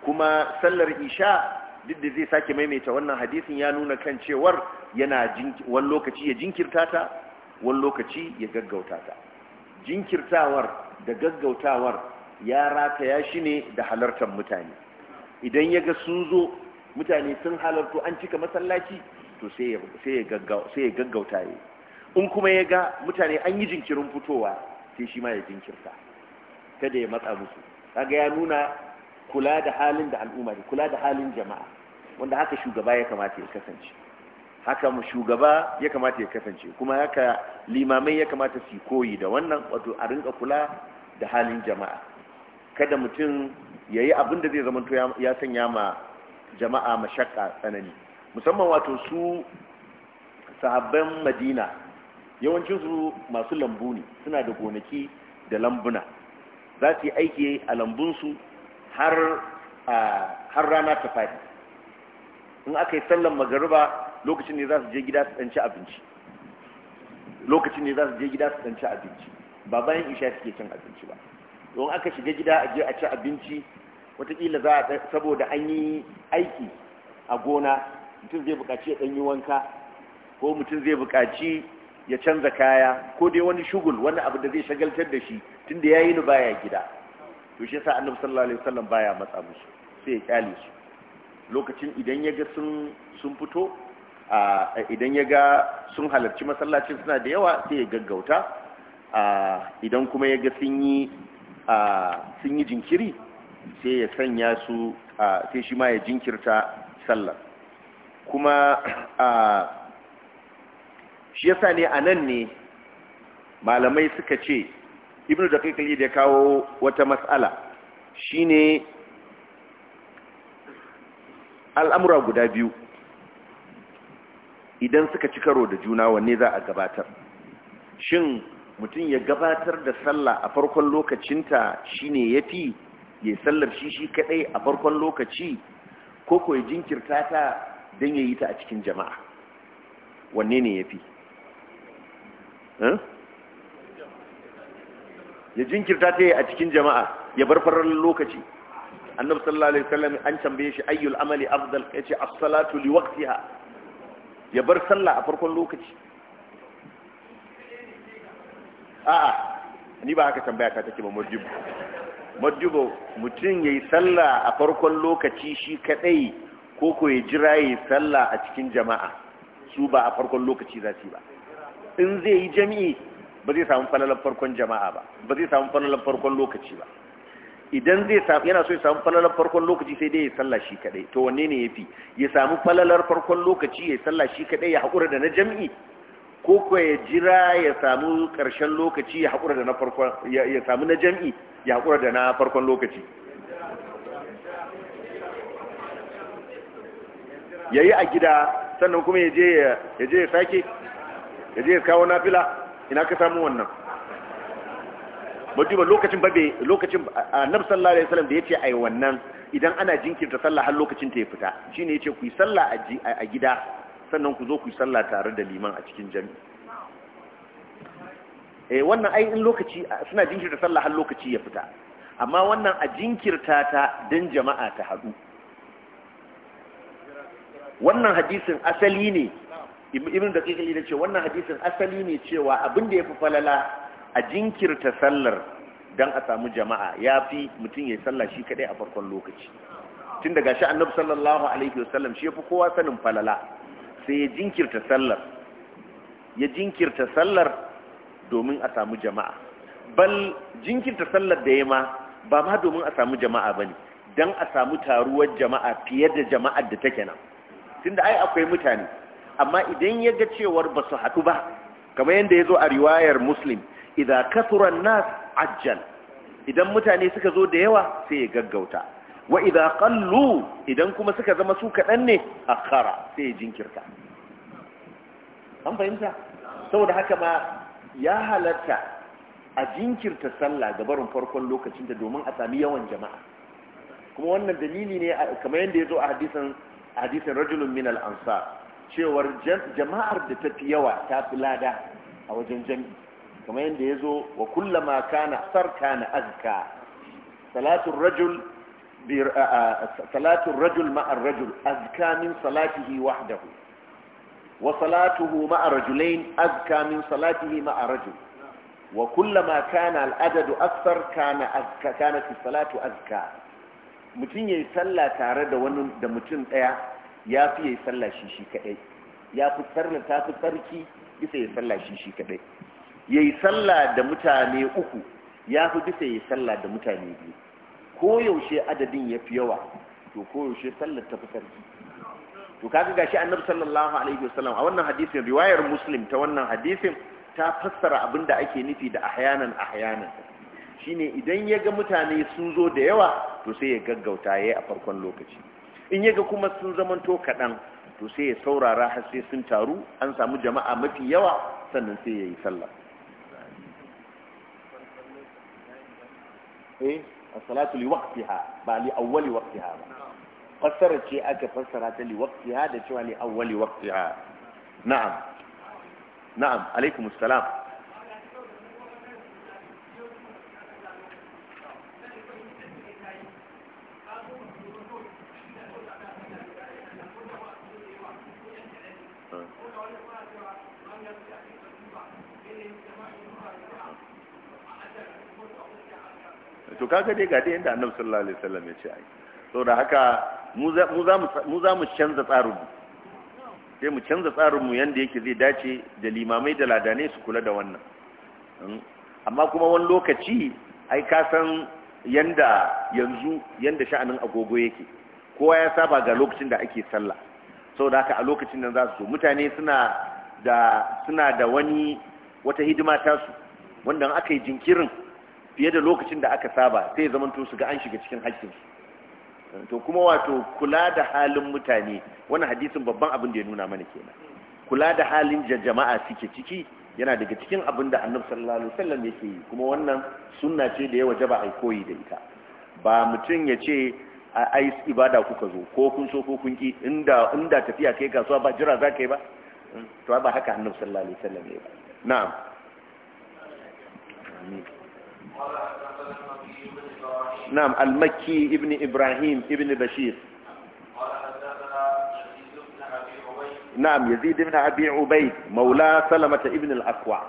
kuma sallar isha duk da zai sake maimaita wannan hadisin ya nuna kan cewar yana wani lokaci ya jinkirta ta wani lokaci ya gaggauta ta jinkirtawar da gaggautawar ya rataya shi ne da halartar mutane idan ya ga sun zo mutane sun halarto an cika masallaci to sai ya gaggauta ya in kuma ya ga mutane an yi jinkirin fitowa sai shi ma ya jinkirta kada ya matsa musu kaga ya nuna kula da halin da al'umma ne kula da halin jama'a wanda haka shugaba ya kamata ya kasance haka shugaba ya kamata ya kasance kuma haka limamai ya kamata su koyi da wannan wato a rinka kula da halin jama'a kada mutum ya yi abin da zai zamanto ya sanya ma jama'a mashakka tsanani musamman wato su sahabban madina yawancin su masu lambu ne suna da gonaki da lambuna za su yi aiki a lambunsu har rana ta fadi in aka yi sallan magariba lokacin ne za su je gida su ɗanci abinci lokacin ne za su je gida su ɗanci abinci ba bayan isha suke cin abinci ba don aka shiga gida a je a ci abinci watakila za a saboda an yi aiki a gona mutum zai buƙaci ya ɗanyi wanka ko mutum zai buƙaci ya canza kaya ko dai wani shugul wani abu da zai shagaltar da shi tunda ya yi ni baya gida to shi yasa annabi sallallahu alaihi wasallam baya matsa musu sai ya kyale su lokacin idan ya ga sun sun fito idan ya ga sun halarci masallacin suna da yawa sai ya gaggauta idan kuma ya ga sun yi sun yi jinkiri sai ya sanya su sai shi ma ya jinkirta sallar kuma shi yasa ne a nan ne malamai suka ce ibnu da kai da kawo wata matsala shine al'amura guda biyu idan suka ci karo da juna wanne za a gabatar shin mutum ya gabatar da sallah a farkon lokacinta shine ne ya sallar shi shi kadai a farkon lokaci ko ko ya jinkirta ta don ya yi ta a cikin jama'a wanne ne ya fi? ya jinkirta ta yi a cikin jama'a ya bar farar lokaci annabi sallallahu alaihi wasallam an tambaye shi ayyul amali afdal yace as-salatu li waqtiha ya bar sallah a farkon lokaci a'a ni ba haka tambaya ta take ba mujib majubo mutum ya yi sallah a farkon lokaci shi kadai ko ko ya jira ya yi sallah a cikin jama'a su ba a farkon lokaci za su yi ba in zai yi jami'i ba zai samu falalar farkon jama'a ba ba zai samu falalar farkon lokaci ba idan zai samu yana so ya samu falalar farkon lokaci sai dai ya salla shi kadai to wanne ne yafi ya samu falalar farkon lokaci ya salla shi kadai ya haƙura da na jami'i ko ko ya jira ya samu karshen lokaci ya hakura da na farkon ya samu na jami'i ya haƙura da na farkon lokaci yayi a gida sannan kuma ya je ya je ya sake ya je kawo na fila, ina ka samu wannan majuba lokacin babe lokacin annabi sallallahu alaihi wasallam da yace ai wannan idan ana jinkirta sallah har lokacin ta ya fita shine yace ku yi sallah a gida sannan ku zo ku yi sallah tare da liman a cikin jami'i eh wannan ai in lokaci suna jinkirta sallah har lokaci ya fita amma wannan a jinkirta ta dan jama'a ta hadu wannan hadisin asali ne ibn da kika yi ce wannan hadisin asali ne cewa abin da ya fi falala a jinkirta sallar don a samu jama'a ya fi mutum ya sallah shi kadai a farkon lokaci tun daga shi annabi sallallahu alaihi wasallam shi ya kowa sanin falala sai ya jinkirta sallar ya jinkirta sallar domin a samu jama'a bal jinkirta sallar da ya ma ba ma domin a samu jama'a ba ne don a samu taruwar jama'a fiye da jama'ar da take nan tunda da ai akwai mutane amma idan ya ga cewar ba su haɗu ba kamar yadda ya zo a riwayar muslim idan kasuran nas ajjal idan mutane suka zo da yawa sai ya gaggauta wa idan kallu idan kuma suka zama su kaɗan ne a kara sai ya jinkirta an fahimta saboda haka ma ya halarta a jinkirta sallah ga barin farkon lokacin da domin a sami yawan jama'a kuma wannan dalili ne kamar yadda ya zo a hadisin rajulun minal ansa. cewar jama'ar da ta fi yawa ta fi lada a wajen jami'i kamar yadda ya zo wa kullama kana sarka na azka salatun rajul salatun rajul ma'ar rajul azka min salatihi wahdahu wa salatuhu ma'ar rajulain azka min salatihi ma'ar rajul wa kullama kana al'adadu aksar kana azka kana fi salatu azka mutum yayi sallah tare da wani da mutum daya ya fi yayi sallah shi shi kadai ya fi sarna ta fi tsarki bisa yayi salla shi shi kadai yayi sallah da mutane uku ya fi bisa yi salla da mutane biyu ko yaushe adadin ya fi yawa to ko yaushe sallar ta fi tsarki to kaga gashi annabi sallallahu alaihi wasallam a wannan hadisin riwayar muslim ta wannan hadisin ta fassara abin da ake nufi da ahyanan ahyanan shine idan ya ga mutane sun zo da yawa to sai ya gaggauta ya yi a farkon lokaci in yaga kuma sun zamanto kaɗan to sai ya saurara har sai sun taru an samu jama'a mafi yawa sannan sai ya yi sallah eh as-salatu li waqtiha ba li awwali waqtiha ba fassara ce aka fassara ta li waqtiha da cewa li awwali waqtiha na'am na'am alaikumus salam kaga dai ga dai inda annabi sallallahu alaihi wasallam ya ce ai saboda haka mu za mu canza tsarin mu sai mu canza tsarin mu yanda yake zai dace da limamai da ladanai su kula da wannan hmm? amma kuma wani lokaci ai ka san yanda yanzu yanda sha'anin agogo yake kowa ya saba ga lokacin da ake sallah saboda haka a lokacin nan za su mutane suna da suna da wani wata hidima ta su wanda aka yi jinkirin fiye da lokacin da aka saba sai zamanto su ga an shiga cikin haƙƙinsu to kuma wato kula da halin mutane wani hadisin babban abin da ya nuna mana kenan kula da halin jama'a suke ciki yana daga cikin abin da annabi sallallahu alaihi wasallam yake yi kuma wannan sunna ce da ya wajaba ai koyi da ita ba mutum ya ce a ai ibada kuka zo ko kun so ko kun ki inda inda tafiya kai kasuwa ba jira za ka yi ba to ba haka annabi sallallahu alaihi wasallam ya yi na'am نعم المكي ابن إبراهيم ابن بشير نعم يزيد بن أبي عبيد مولى سلمة ابن الأكوع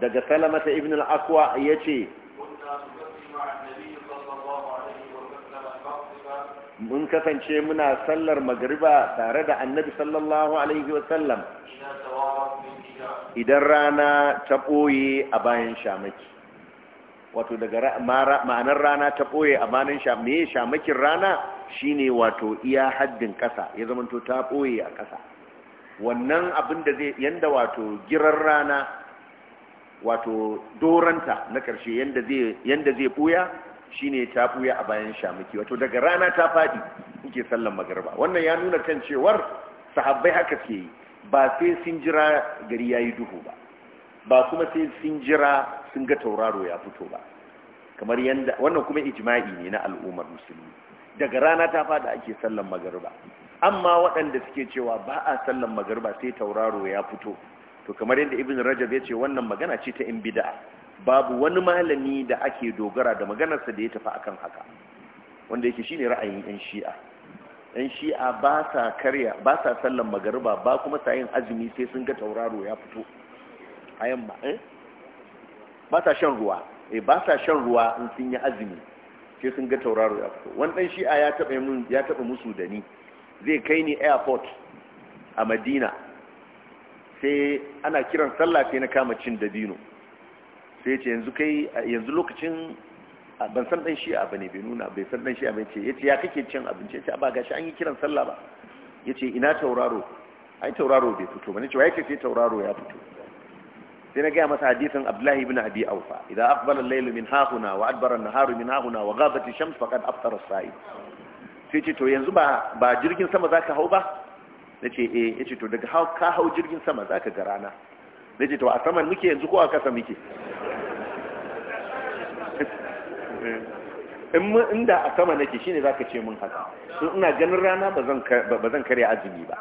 دقى سلمة ابن الأكوع يتي mun kasance muna sallar magriba tare da annabi sallallahu alaihi wasallam idan rana ta ɓoye a bayan shamaki wato daga ma'anar rana ta ɓoye a bayan shamaki shamakin rana shine wato iya haddin ƙasa ya zamanto ta ɓoye a ƙasa wannan abin da zai yanda wato girar rana wato doranta na ƙarshe yanda zai shi shine ta ɓoye a bayan shamaki wato daga rana ta faɗi ke sallan magarba wannan ya nuna kan cewar sahabbai haka ke yi ba sai sun jira gari ya yi duhu ba ba kuma sai sun jira sun ga tauraro ya fito ba kamar yadda wannan kuma ijma'i ne na al'ummar musulmi daga rana ta fada ake sallan magarba amma waɗanda suke cewa ba a sallan magariba sai tauraro ya fito to kamar yadda ibn rajab ya ce wannan magana ce ta in bid'a babu wani malami da ake dogara da maganarsa da ya tafi akan haka wanda yake shine ra'ayin yan shi'a ɗan shi'a ba sa karya ba sa sallan magariba ba kuma sa yin azumi sai sun ga tauraro ya fito a yamma eh? ba sa shan ruwa eh ba sa shan ruwa in sun yi azumi sai sun ga tauraro ya fito wani ɗan shi'a ya taɓa mun ya taɓa musu da ni zai kai ni airport a madina sai ana kiran sallah sai na kama cin dabino sai ce yanzu kai yanzu lokacin ban san dan shi'a bane bai nuna bai san dan shi bane ce yace ya kake cin abinci yace ba gashi an yi kiran sallah ba yace ina tauraro ai tauraro bai fito bane ce wai yace sai tauraro ya fito sai na ga masa hadisin Abdullahi ibn Abi Aufa idan aqbala al-layl min hahuna wa adbara an-naharu min hahuna wa ghabat ash-shams faqad aftara as-sa'id sai ce to yanzu ba ba jirgin sama zaka hau ba nace eh yace to daga ka hau jirgin sama zaka ga rana nace to a saman muke yanzu ko a kasa muke in da a sama nake shine zaka ce mun haka so ina ganin rana ba zan kare azumi ba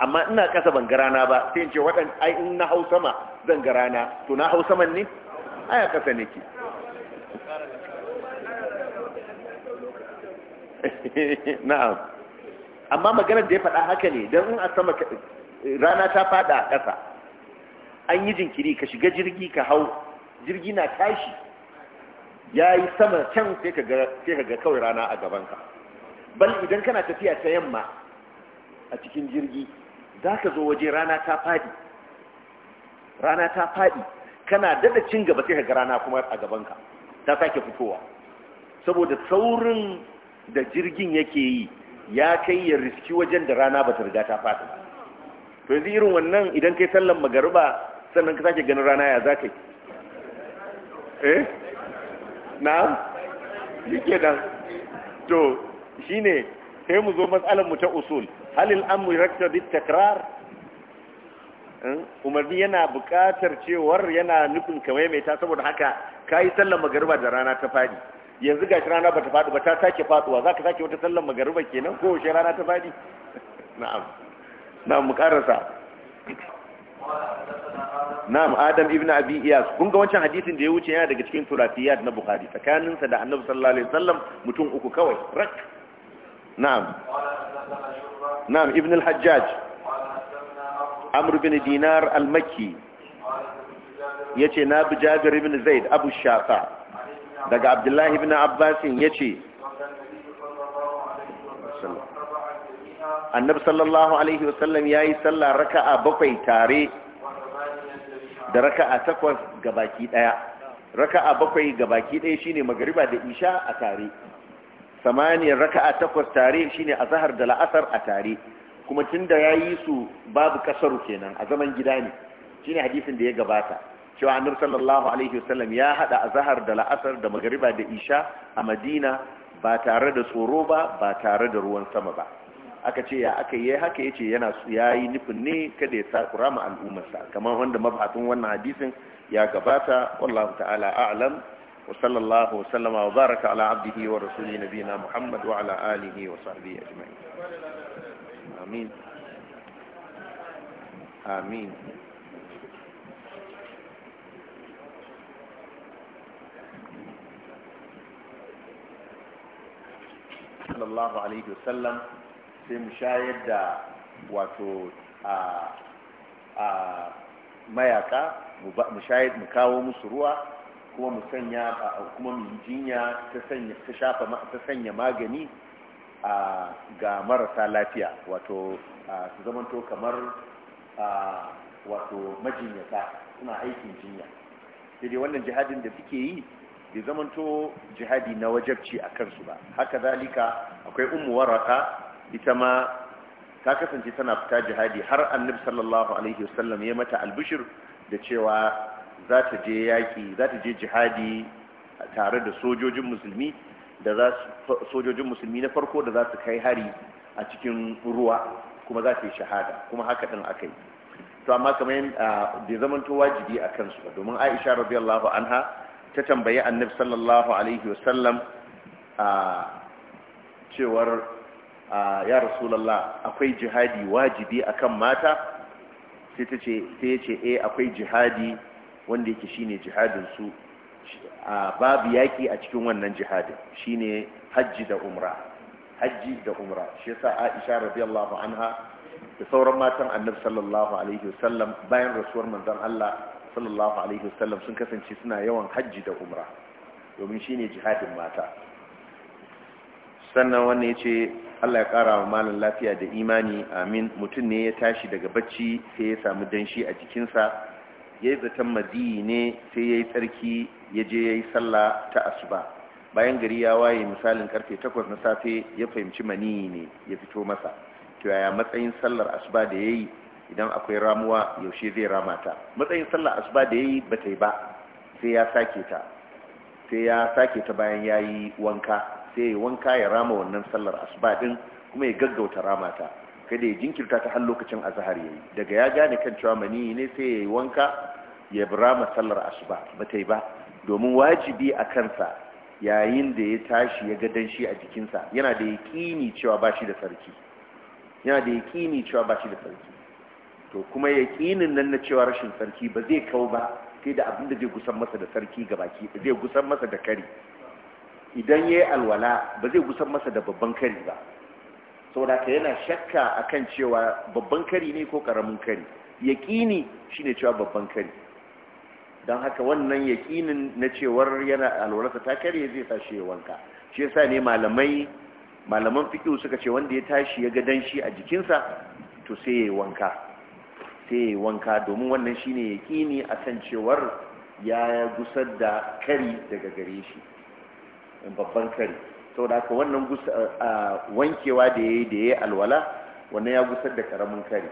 amma ina kasa ban ga rana ba sai in ce wadan ai in na hau sama zan ga rana to na hau saman ne a kasa nake na'am amma maganar da ya faɗa haka ne don in a sama rana ta faɗa a ƙasa an yi jinkiri ka shiga jirgi ka hau jirgi na tashi ya yi sama can sai ka ga kawai rana a gabanka bal idan kana tafiya ta yamma a cikin jirgi za ka zo waje rana ta fadi rana ta fadi kana dada cin gaba sai ka ga rana kuma a gabanka ta sake fitowa saboda saurin da jirgin yake yi ya kai ya riski wajen da rana ba ta riga ta fata to yanzu irin wannan idan kai sallan magariba sannan ka sake ganin rana ya za ka yi eh na'am yake nan to shine sai mu zo matsalar mu ta usul halil amru yakta bit takrar hmm? umarni yana bukatar cewar yana nufin kamar mai ta saboda haka kayi sallar magariba da rana ta fadi yanzu gashi rana bata fadi ba ta sake za zaka sake wata sallar magariba kenan ko shi rana ta fadi na'am na'am mu karasa na'am adam ibn abi iyas kun ga wancan hadisin da ya wuce yana daga cikin turafiyat na bukhari tsakaninsa da annabi sallallahu alaihi wasallam mutum uku kawai rak na'am na'am ibn al-hajjaj amr dinar al-makki yace na bi jabir ibn zaid abu shafa daga abdullahi ibn abbas yace annabi sallallahu alaihi wasallam ya yi sallah raka'a bakwai tare da raka'a takwas ga baki ɗaya raka'a bakwai ga baki ɗaya shine magariba da isha a tare samaniyar raka'a takwas tare shine azhar da la'asar a tare kuma tunda yayi su babu kasaru kenan a zaman gida ne shine hadisin da ya gabata cewa annabi sallallahu alaihi wasallam ya hada azhar da la'asar da magariba da isha a Madina ba tare da tsoro ba ba tare da ruwan sama ba aka ce ya aka yi haka yace yana ya yi nufin ne kada ya takura ma al'ummarsa kamar wanda mabhatun wannan hadisin ya gabata wallahu ta'ala a'lam wa sallallahu sallama wa baraka ala abdihi wa rasuli nabina muhammad wa ala alihi wa sahbihi ajma'in amin amin sallallahu alaihi wasallam sai mu shayar da wato a mayaka mu shayar mu kawo musu ruwa kuma mu sanya kuma mu jinya ta sanya magani ga marasa lafiya wato su zamanto kamar wato majinyata suna aikin jinya sai dai wannan jihadin da suke yi bai zamanto jihadi na wajabci a kansu ba haka zalika akwai umuwar raka. ita ma ta kasance tana fita jihadi har annabi sallallahu alaihi wasallam ya mata albishir da cewa za ta je yaƙi za ta je jihadi tare da sojojin musulmi da za sojojin musulmi na farko da za su kai hari a cikin ruwa kuma za ta yi shahada kuma haka din akai yi to amma kamar zaman to wajibi a kansu domin aisha radiyallahu anha ta tambayi annabi sallallahu alaihi wasallam a cewar ya rasulallah akwai jihadi wajibi akan mata sai ta ce sai ya ce eh akwai jihadi wanda yake shine jihadinsu su babu yaki a cikin wannan jihadin shine hajji da umra hajji da umra shi yasa Aisha radiyallahu anha da sauran matan Annabi sallallahu alaihi wasallam bayan rasuwar manzon Allah sallallahu alaihi wasallam sun kasance suna yawan hajji da umra domin shine jihadin mata sannan wannan ya ce allah ya kara wa malin lafiya da imani amin mutum ne ya tashi daga bacci sai ya samu danshi a jikinsa ya yi zaton madiyi ne sai ya yi tsarki ya je ya yi sallah ta asuba bayan gari ya waye misalin karfe 8 na safe ya fahimci maniyi ne ya fito masa to yaya matsayin sallar asuba da ya yi idan akwai ramuwa yaushe zai rama ta matsayin sallar asuba da ya yi ba ta yi ba sai ya sake ta sai ya sake ta bayan ya yi wanka sai ya wanka ya rama wannan sallar asuba din kuma ya gaggauta rama ta kada ya jinkirta ta har lokacin azhar yayi daga ya gane kan cewa mani ne sai ya yi wanka ya rama sallar asuba bata yi ba domin wajibi a kansa yayin da ya tashi ya ga danshi a jikinsa yana da yaqini cewa ba shi da sarki yana da yaqini cewa ba shi da sarki to kuma yaƙinin nan na cewa rashin sarki ba zai kau ba sai da abin da zai gusan masa da sarki ga baki zai gusan masa da kari idan ya yi alwala ba zai gusan masa da babban kari ba Sau da ka yana shakka a kan cewa babban kari ne ko karamin kari yaƙini ne cewa babban kari don haka wannan yaƙinin na cewar yana alwalarsa ta kare zai sa shi wanka shi yasa ne malamai malaman fiƙi suka ce wanda ya tashi ya ga shi a jikinsa to sai ya yi wanka sai ya yi wanka domin wannan shine yaƙini kan cewar ya gusar da kari daga gare shi babban kari da haka wannan wankewa da ya yi da ya yi alwala wannan ya gusar da karamin kari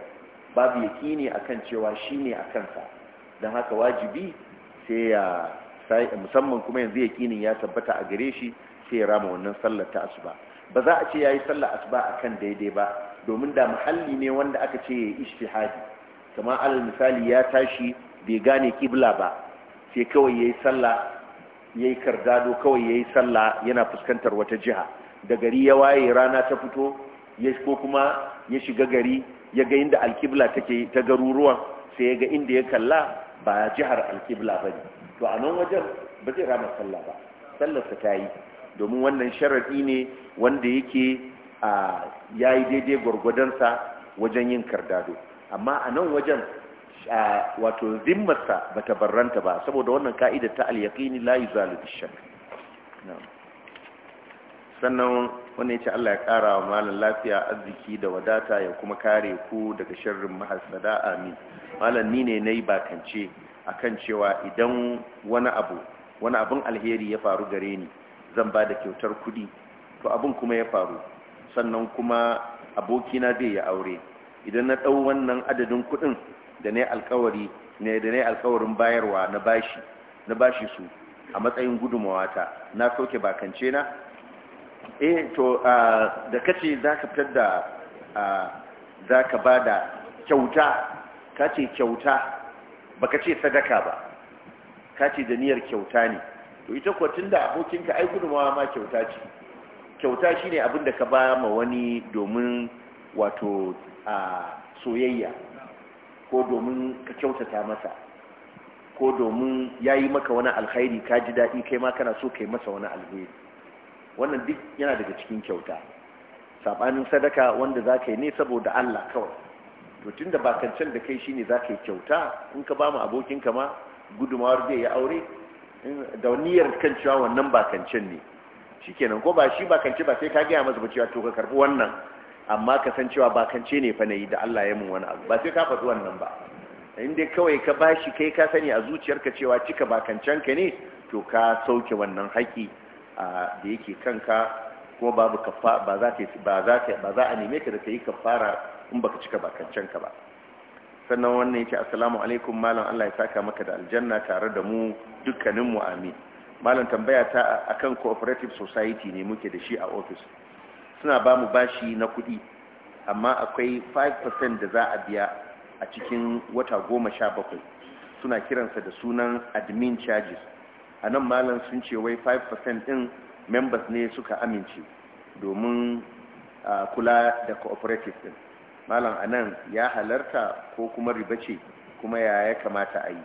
babu yakini akan cewa shi ne a kansa don haka wajibi sai ya musamman kuma yanzu yakinin ya tabbata a gare shi sai ya rama wannan sallar ta asuba ba za a ce ya yi sallar asuba a kan daidai ba domin da muhalli ne wanda aka ce ya ishtihadi kama alal misali ya tashi bai gane kibla ba sai kawai ya yi sallah ya yi kardado kawai ya yi sallah yana fuskantar wata jiha da gari ya waye rana ta fito ko kuma ya shiga gari ya ga inda alkibla take ta garuruwan sai ya ga inda ya kalla ba jihar alkibla ba ne to a nan wajen ba zai rama sallah ba sallarsa ta yi domin wannan sharaɗi ne wanda yake ya yi daidai gwargwadonsa wajen yin kardado amma a nan wajen wato zimmarsa ba ta barranta ba saboda wannan ka'idar ta al-yaqini la yuzalu bish-shak sannan wannan yace Allah ya kara wa malan lafiya arziki da wadata ya kuma kare ku daga sharrin mahasada amin malan ni ne nayi bakance akan cewa idan wani abu wani abun alheri ya faru gare ni zan ba da kyautar kudi to abun kuma ya faru sannan kuma abokina zai ya aure idan na ɗau wannan adadin kuɗin da ne alkawari ne da ne alkawarin bayarwa na bashi na bashi su a matsayin ta, na soke bakance na eh to da kace zaka fitar da zaka bada kyauta kace kyauta baka ce sadaka ba kace da niyyar kyauta ne to ita ko tunda abokinka ai gudumawa ma kyauta ce kyauta shine abin da ka ba ma wani domin wato a soyayya ko domin ka kyautata masa ko domin ya yi maka wani alkhairi ka ji daɗi kai ma kana so ka yi masa wani alheri wannan duk yana daga cikin kyauta saɓanin sadaka wanda za ka yi ne saboda Allah kawai to tun da bakancan da kai shine za ka yi kyauta in ka ba mu abokinka ma gudumawar zai yi aure da niyyar kan cewa wannan bakancan ne shikenan ko ba shi bakance ba sai ka gaya masa ba cewa to ka karɓi wannan amma kasancewa ba kance ne fa nayi da Allah ya mun wani abu ba sai ka faɗi wannan ba inda kawai ka bashi kai ka sani a zuciyarka cewa cika ba ka ne to ka sauke wannan haƙi da yake kanka ko babu kafa ba za ka ba za ka ba za a neme ka da kai kafara in baka cika ba ka ba sannan wannan yake assalamu alaikum malam Allah ya saka maka da aljanna tare da mu dukkanin mu amin malam tambaya ta akan cooperative society ne muke da shi a office suna ba mu bashi na kuɗi amma akwai 5% da za a biya a cikin wata goma sha bakwai suna kiransa da sunan admin charges a nan malam sun ce wai 5% ɗin members ne suka amince domin kula da cooperative din malam a nan ya halarta ko kuma riba ce kuma ya ya kamata a yi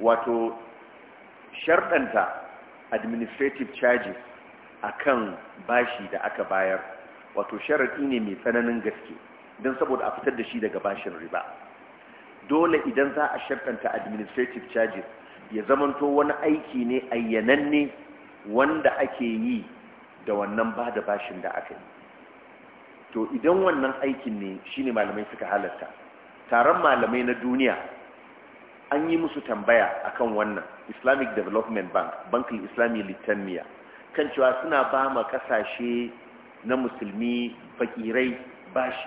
wato sharɗanta administrative charges kan bashi da aka bayar wato sharaɗi ne mai tsananin gaske don saboda a fitar da shi daga bashin riba dole idan za a shartanta administrative charges ya zamanto wani aiki ne ayyananne wanda ake yi da wannan ba da bashin da aka yi to idan wannan aikin ne shi ne malamai suka halatta taron malamai na duniya an yi musu tambaya akan wannan islamic development bank bankin islami litaniya kan cewa suna ba ma kasashe na musulmi fakirai bashi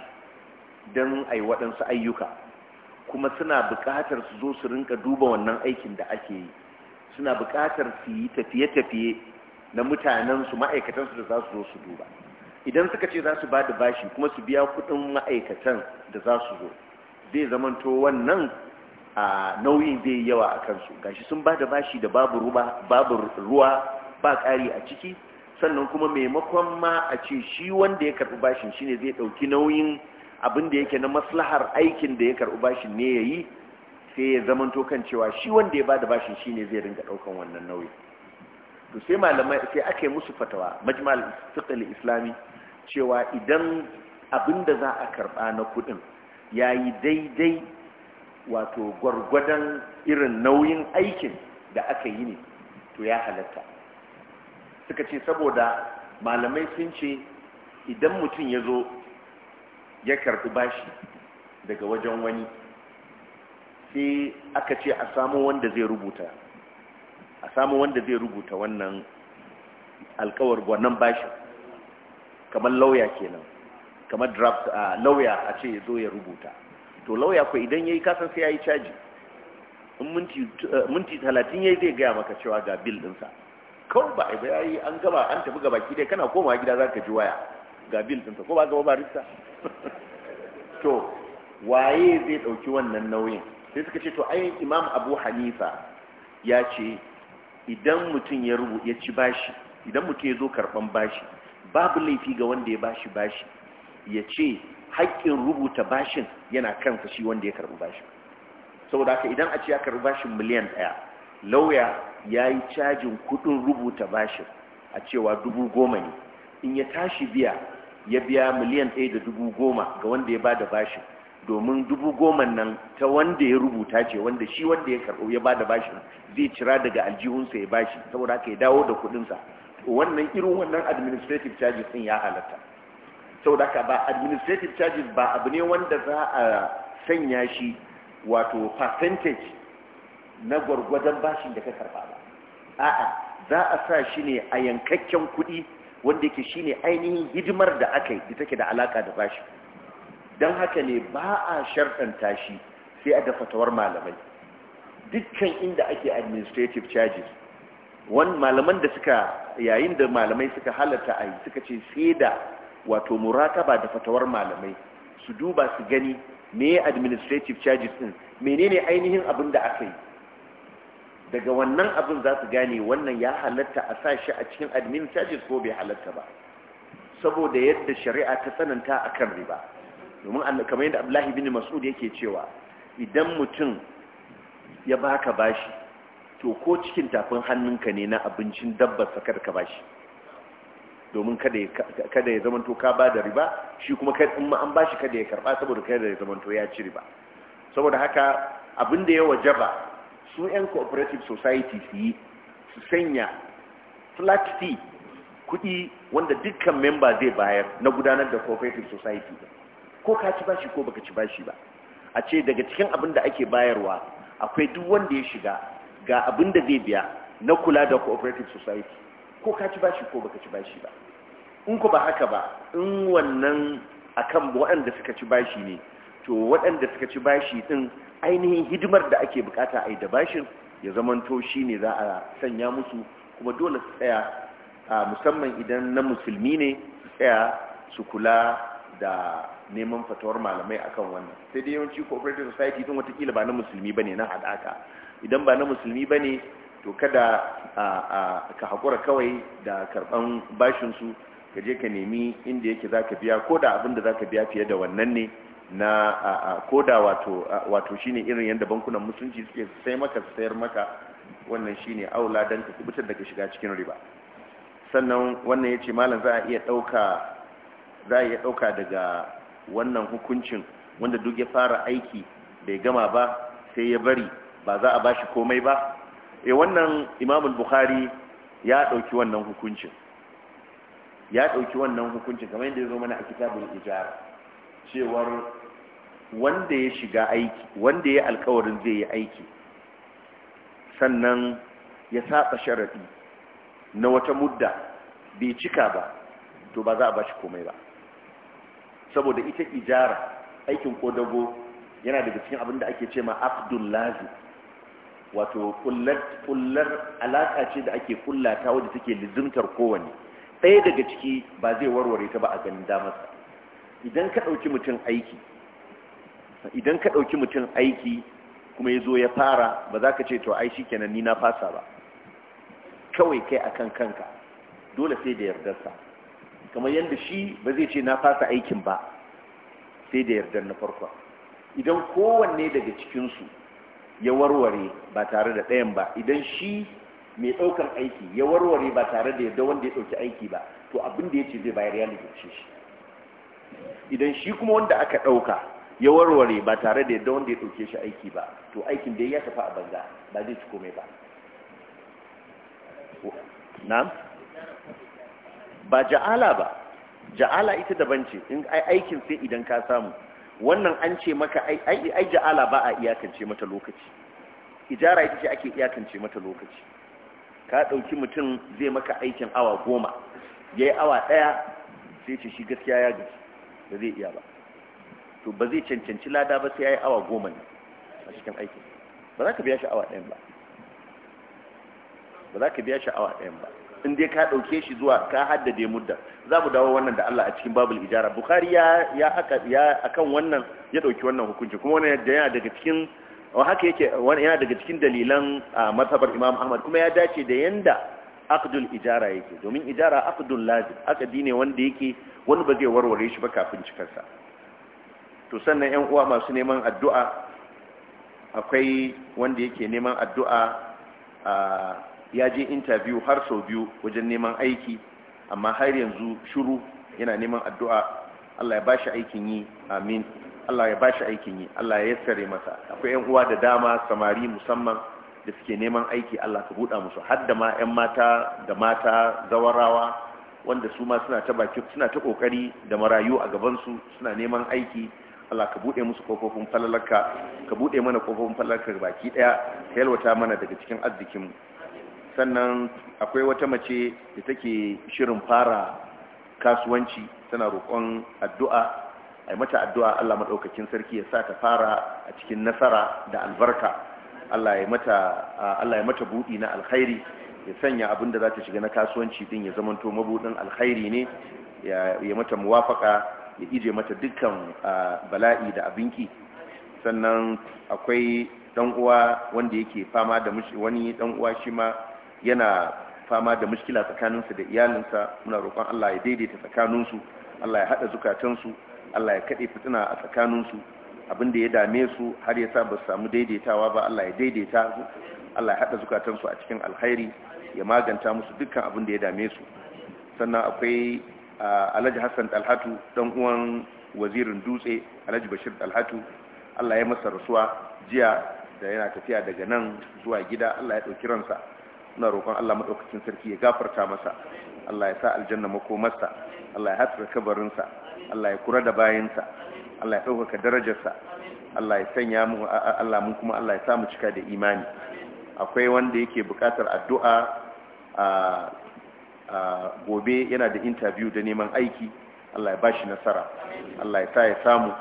don a yi waɗansu ayyuka kuma suna buƙatar su zo su rinka duba wannan aikin da ake yi suna buƙatar su yi tafiye-tafiye na mutanensu ma'aikatansu da za su zo su duba idan suka ce za su ba da bashi kuma su biya kuɗin ma'aikatan da za su zo zai zamanto wannan a nauyin zai yawa a kansu gashi sun ba da bashi da babu ruwa ba ƙari a ciki sannan kuma maimakon ma a ce shi wanda ya karɓi bashin shine zai ɗauki nauyin abin da yake na maslahar aikin da ya karɓi bashin ne ya yi sai ya zamanto kan cewa shi wanda ya ba da bashin shine zai ringa ɗaukan wannan nauyin to sai malamai sai aka yi musu fatawa majmal fiqhul islami cewa idan abin da za a karɓa na kuɗin ya yi daidai wato gwargwadon irin nauyin aikin da aka yi ne to ya halatta suka ce saboda malamai sun ce idan mutum ya zo ya karɓi bashi daga wajen wani sai aka ce a samu wanda zai rubuta a samu wanda zai rubuta wannan alkawar gwanon bashi kamar lauya kenan kamar draft a lauya a ce ya zo ya rubuta to lauya ko idan ya yi kasan sai ya yi caji in eh, minti talatin ya yi zai gaya maka cewa ga bil ɗinsa kawai ba a bayayi an gaba an tafi gaba ki dai kana komawa gida za ka ji waya ga bil ɗinka ko ba gaba rista to waye zai ɗauki wannan nauyin sai suka ce to ai imam abu hanifa ya ce idan mutum ya rubu ya ci bashi idan mutum ya zo karɓan bashi babu laifi ga wanda ya bashi bashi ya ce haƙƙin rubuta bashin yana kansa shi wanda ya karɓi bashin saboda haka idan a ce ya karɓi bashin miliyan ɗaya lauya ya yi cajin kudin rubuta bashin a cewa dubu goma ne in ya tashi biya ya biya miliyan ɗaya da dubu goma ga wanda ya bada bashin domin dubu goman nan ta wanda ya rubuta ce wanda shi wanda ya karɓo ya bada bashin zai cira daga aljihunsa ya bashi saboda haka ya dawo da kuɗinsa wannan irin wannan administrative charges din ya halatta saboda haka ba administrative charges ba abu ne wanda za a sanya shi wato percentage na gwargwadon bashin da ka karba ba a'a za a sa shi ne a yankakken kuɗi wanda yake shine ainihin hidimar da aka yi da take da alaka da bashi don haka ne ba a sharɗanta shi sai a da malamai dukkan inda ake administrative charges wani malaman da suka yayin da malamai suka halatta a yi suka ce sai da wato murataba da fatawar malamai su duba su gani me administrative charges din menene ainihin abin da aka yi daga wannan abin za su gane wannan ya halatta a sa shi a cikin admin charges ko bai halatta ba saboda yadda shari'a ta tsananta a kan riba domin kamar yadda abdullahi bin masud yake cewa idan mutum ya baka bashi to ko cikin tafin hannunka ne na abincin dabbar sakar ka bashi domin kada ya zamanto ka ba da riba shi kuma in an bashi kada ya karba saboda kada ya zamanto ya ci riba saboda haka abin da ya wajaba su 'yan cooperative society su yi su sanya flat fee kudi wanda dukkan memba zai bayar na gudanar da cooperative society ko ka ci bashi ko baka ci bashi ba a ce daga cikin abin da ake bayarwa akwai duk wanda ya shiga ga abin da zai biya na kula da cooperative society ko ka ci bashi ko baka ci bashi ba in ku ba haka ba in wannan akan waɗanda suka ci bashi ne to waɗanda suka ci bashi din ainihin hidimar da ake bukata a yi da bashin ya zamanto shi ne za a sanya musu kuma dole su tsaya a musamman idan na musulmi ne su tsaya su kula da neman fatawar malamai akan wannan sai dai yawanci cooperative society din watakila ba na musulmi ba ne na haɗaka idan ba na musulmi ba ne to kada ka haƙura kawai da karɓan bashinsu ka je ka nemi inda yake za ka biya ko da abin da za ka biya fiye da wannan ne na koda wato wato shine irin yadda bankunan musulunci suke sai maka sayar maka wannan shine aula dan ka kubutar daga shiga cikin riba sannan wannan yace malam za a iya dauka za a iya dauka daga wannan hukuncin wanda duk ya fara aiki bai gama ba sai ya bari ba za a bashi komai ba e wannan imamul bukhari ya dauki wannan hukuncin ya dauki wannan hukuncin kamar yadda ya zo mana a kitabul ijara cewar wanda ya shiga aiki wanda ya alkawarin zai yi aiki sannan ya saba sharaɗi na wata mudda bai cika ba to ba za a bashi komai ba saboda ita ijara aikin kodago yana daga cikin abin da ake ce ma abdul lazim wato kullar alaƙa ce da ake kullata wadda take lizumtar kowane ɗaya daga ciki ba zai warware ta ba a ganin damarsa idan ka ɗauki mutum aiki idan ka ɗauki mutum aiki kuma ya zo ya fara ba za ka ce to ai shi kenan ni na fasa ba kawai kai a kan kanka dole sai da yardarsa kamar yadda shi ba zai ce na fasa aikin ba sai da yardar na farko idan kowanne daga cikinsu ya warware ba tare da ɗayan ba idan shi mai ɗaukar aiki ya warware ba tare da yadda wanda ya ɗauki aiki ba to abin da ya ce zai bayar ya lalace shi idan shi kuma wanda aka ɗauka ya warware ba tare da yadda wanda ya ɗauke shi aiki ba to aikin da ya tafi a banza ba zai ci komai ba na'am ba ja'ala ba ja'ala ita daban ce in aikin sai idan ka samu wannan an ce maka ai ja'ala ba a iyakance mata lokaci ijara ita ce ake iyakance mata lokaci ka ɗauki mutum zai maka aikin awa goma ya yi awa ɗaya sai ce shi gaskiya ya gaji da zai iya ba to ba zai cancanci lada ba sai ya yi awa goma ne a cikin aikin ba za ka biya shi awa ɗayan ba ba za ka biya shi awa ɗayan ba in dai ka ɗauke shi zuwa ka haddade mudda za mu dawo wannan da Allah a cikin babul ijara bukhari ya ya aka ya akan wannan ya ɗauki wannan hukunci kuma wannan yadda yana daga cikin haka yake yana daga cikin dalilan martabar imam ahmad kuma ya dace da yanda aqdul ijara yake domin ijara aqdul lazim aqdi ne wanda yake wani ba zai warware shi ba kafin cikarsa to sannan yan uwa masu neman addu'a akwai wanda yake neman addu'a ya je interview har sau biyu wajen neman aiki amma har yanzu shuru yana neman addu'a Allah ya ba shi aikin yi amin Allah ya ba shi aikin yi Allah ya yassare masa akwai yan uwa da dama samari musamman da suke neman aiki Allah ka buɗa musu har da ma 'yan mata da mata zawarawa wanda su ma suna ta baki kokari da marayu a gabansu suna neman aiki Allah ka bude musu kofofin falalarka ka bude mana kofofin falalarka baki daya ka yalwata mana daga cikin arzikin mu sannan akwai wata mace da take shirin fara kasuwanci tana roƙon addu'a ai mata addu'a Allah madaukakin sarki ya sa ta fara a cikin nasara da albarka Allah ya mata Allah ya mata budi na alkhairi ya sanya abin da za ta shiga na kasuwanci din ya zamanto mabudin alkhairi ne ya mata muwafaka ya ije mata dukkan bala'i da abinki sannan akwai dan wanda yake fama da wani dan uwa shi ma yana fama da mushkila tsakaninsa da iyalinsa muna roƙon Allah ya daidaita tsakaninsu Allah ya haɗa zukatansu Allah ya kaɗe fitina a tsakaninsu abin da ya dame su har ya sa ba su samu daidaitawa ba Allah ya daidaita su Allah ya haɗa zukatansu a cikin alkhairi ya maganta musu dukkan abin da ya dame su sannan akwai alhaji hassan talhatu dan uwan wazirin dutse alhaji bashir talhatu allah ya masa rasuwa jiya da yana tafiya daga nan zuwa gida allah ya ɗauki ransa na roƙon allah maɗaukacin sarki ya gafarta masa allah ya sa aljanna makomarsa allah ya hatsar kabarinsa allah ya kura da bayansa allah ya ɗaukaka darajarsa allah ya sanya mu allah mun kuma allah ya sa mu cika da imani akwai wanda yake buƙatar addu'a a gobe yana da interview da neman aiki Allah ya bashi nasara Allah ya sa ya samu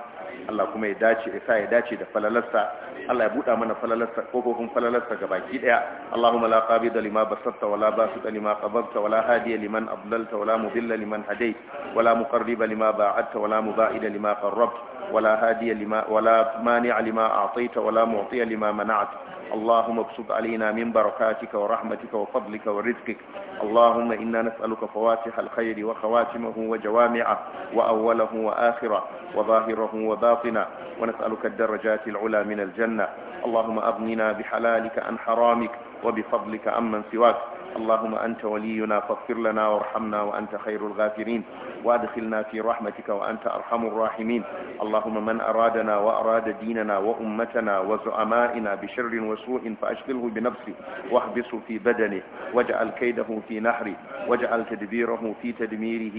Allah kuma ya dace ya sa ya dace da falalarsa Allah ya buɗa mana falalarsa kofofin falalarsa gabaki ɗaya Allahumma la qabida lima basatta wala basita lima qabadta wala hadiya liman adlalta wala mudilla liman hadayt wala muqarriba lima ba'adta wala muba'ida lima qarrabta wala hadiya lima wala mani'a lima a'tayta wala mu'tiya lima mana'ta اللهم ابسط علينا من بركاتك ورحمتك وفضلك ورزقك اللهم إنا نسألك فواتح الخير وخواتمه وجوامعه وأوله وآخره وظاهره وباطنه ونسألك الدرجات العلى من الجنة اللهم أغننا بحلالك عن حرامك وبفضلك عمن سواك اللهم أنت ولينا فاغفر لنا وارحمنا وأنت خير الغافرين وادخلنا في رحمتك وأنت أرحم الراحمين اللهم من أرادنا وأراد ديننا وأمتنا وزعمائنا بشر وسوء فأشغله بنفسه واحبسه في بدنه واجعل كيده في نحره واجعل تدبيره في تدميره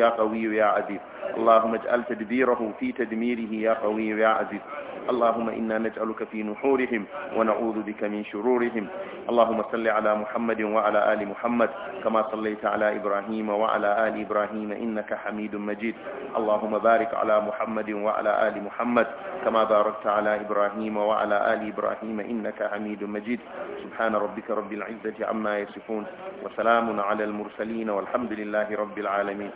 يا قوي يا عزيز اللهم اجعل تدبيره في تدميره يا قوي يا عزيز اللهم إنا نجعلك في نحورهم ونعوذ بك من شرورهم اللهم صل على محمد وعلى آل محمد كما صليت على إبراهيم وعلى آل إبراهيم إنك حميد مجيد اللهم بارك على محمد وعلى آل محمد كما باركت على إبراهيم وعلى آل إبراهيم إنك حميد مجيد سبحان ربك رب العزة عما يصفون وسلام على المرسلين والحمد لله رب العالمين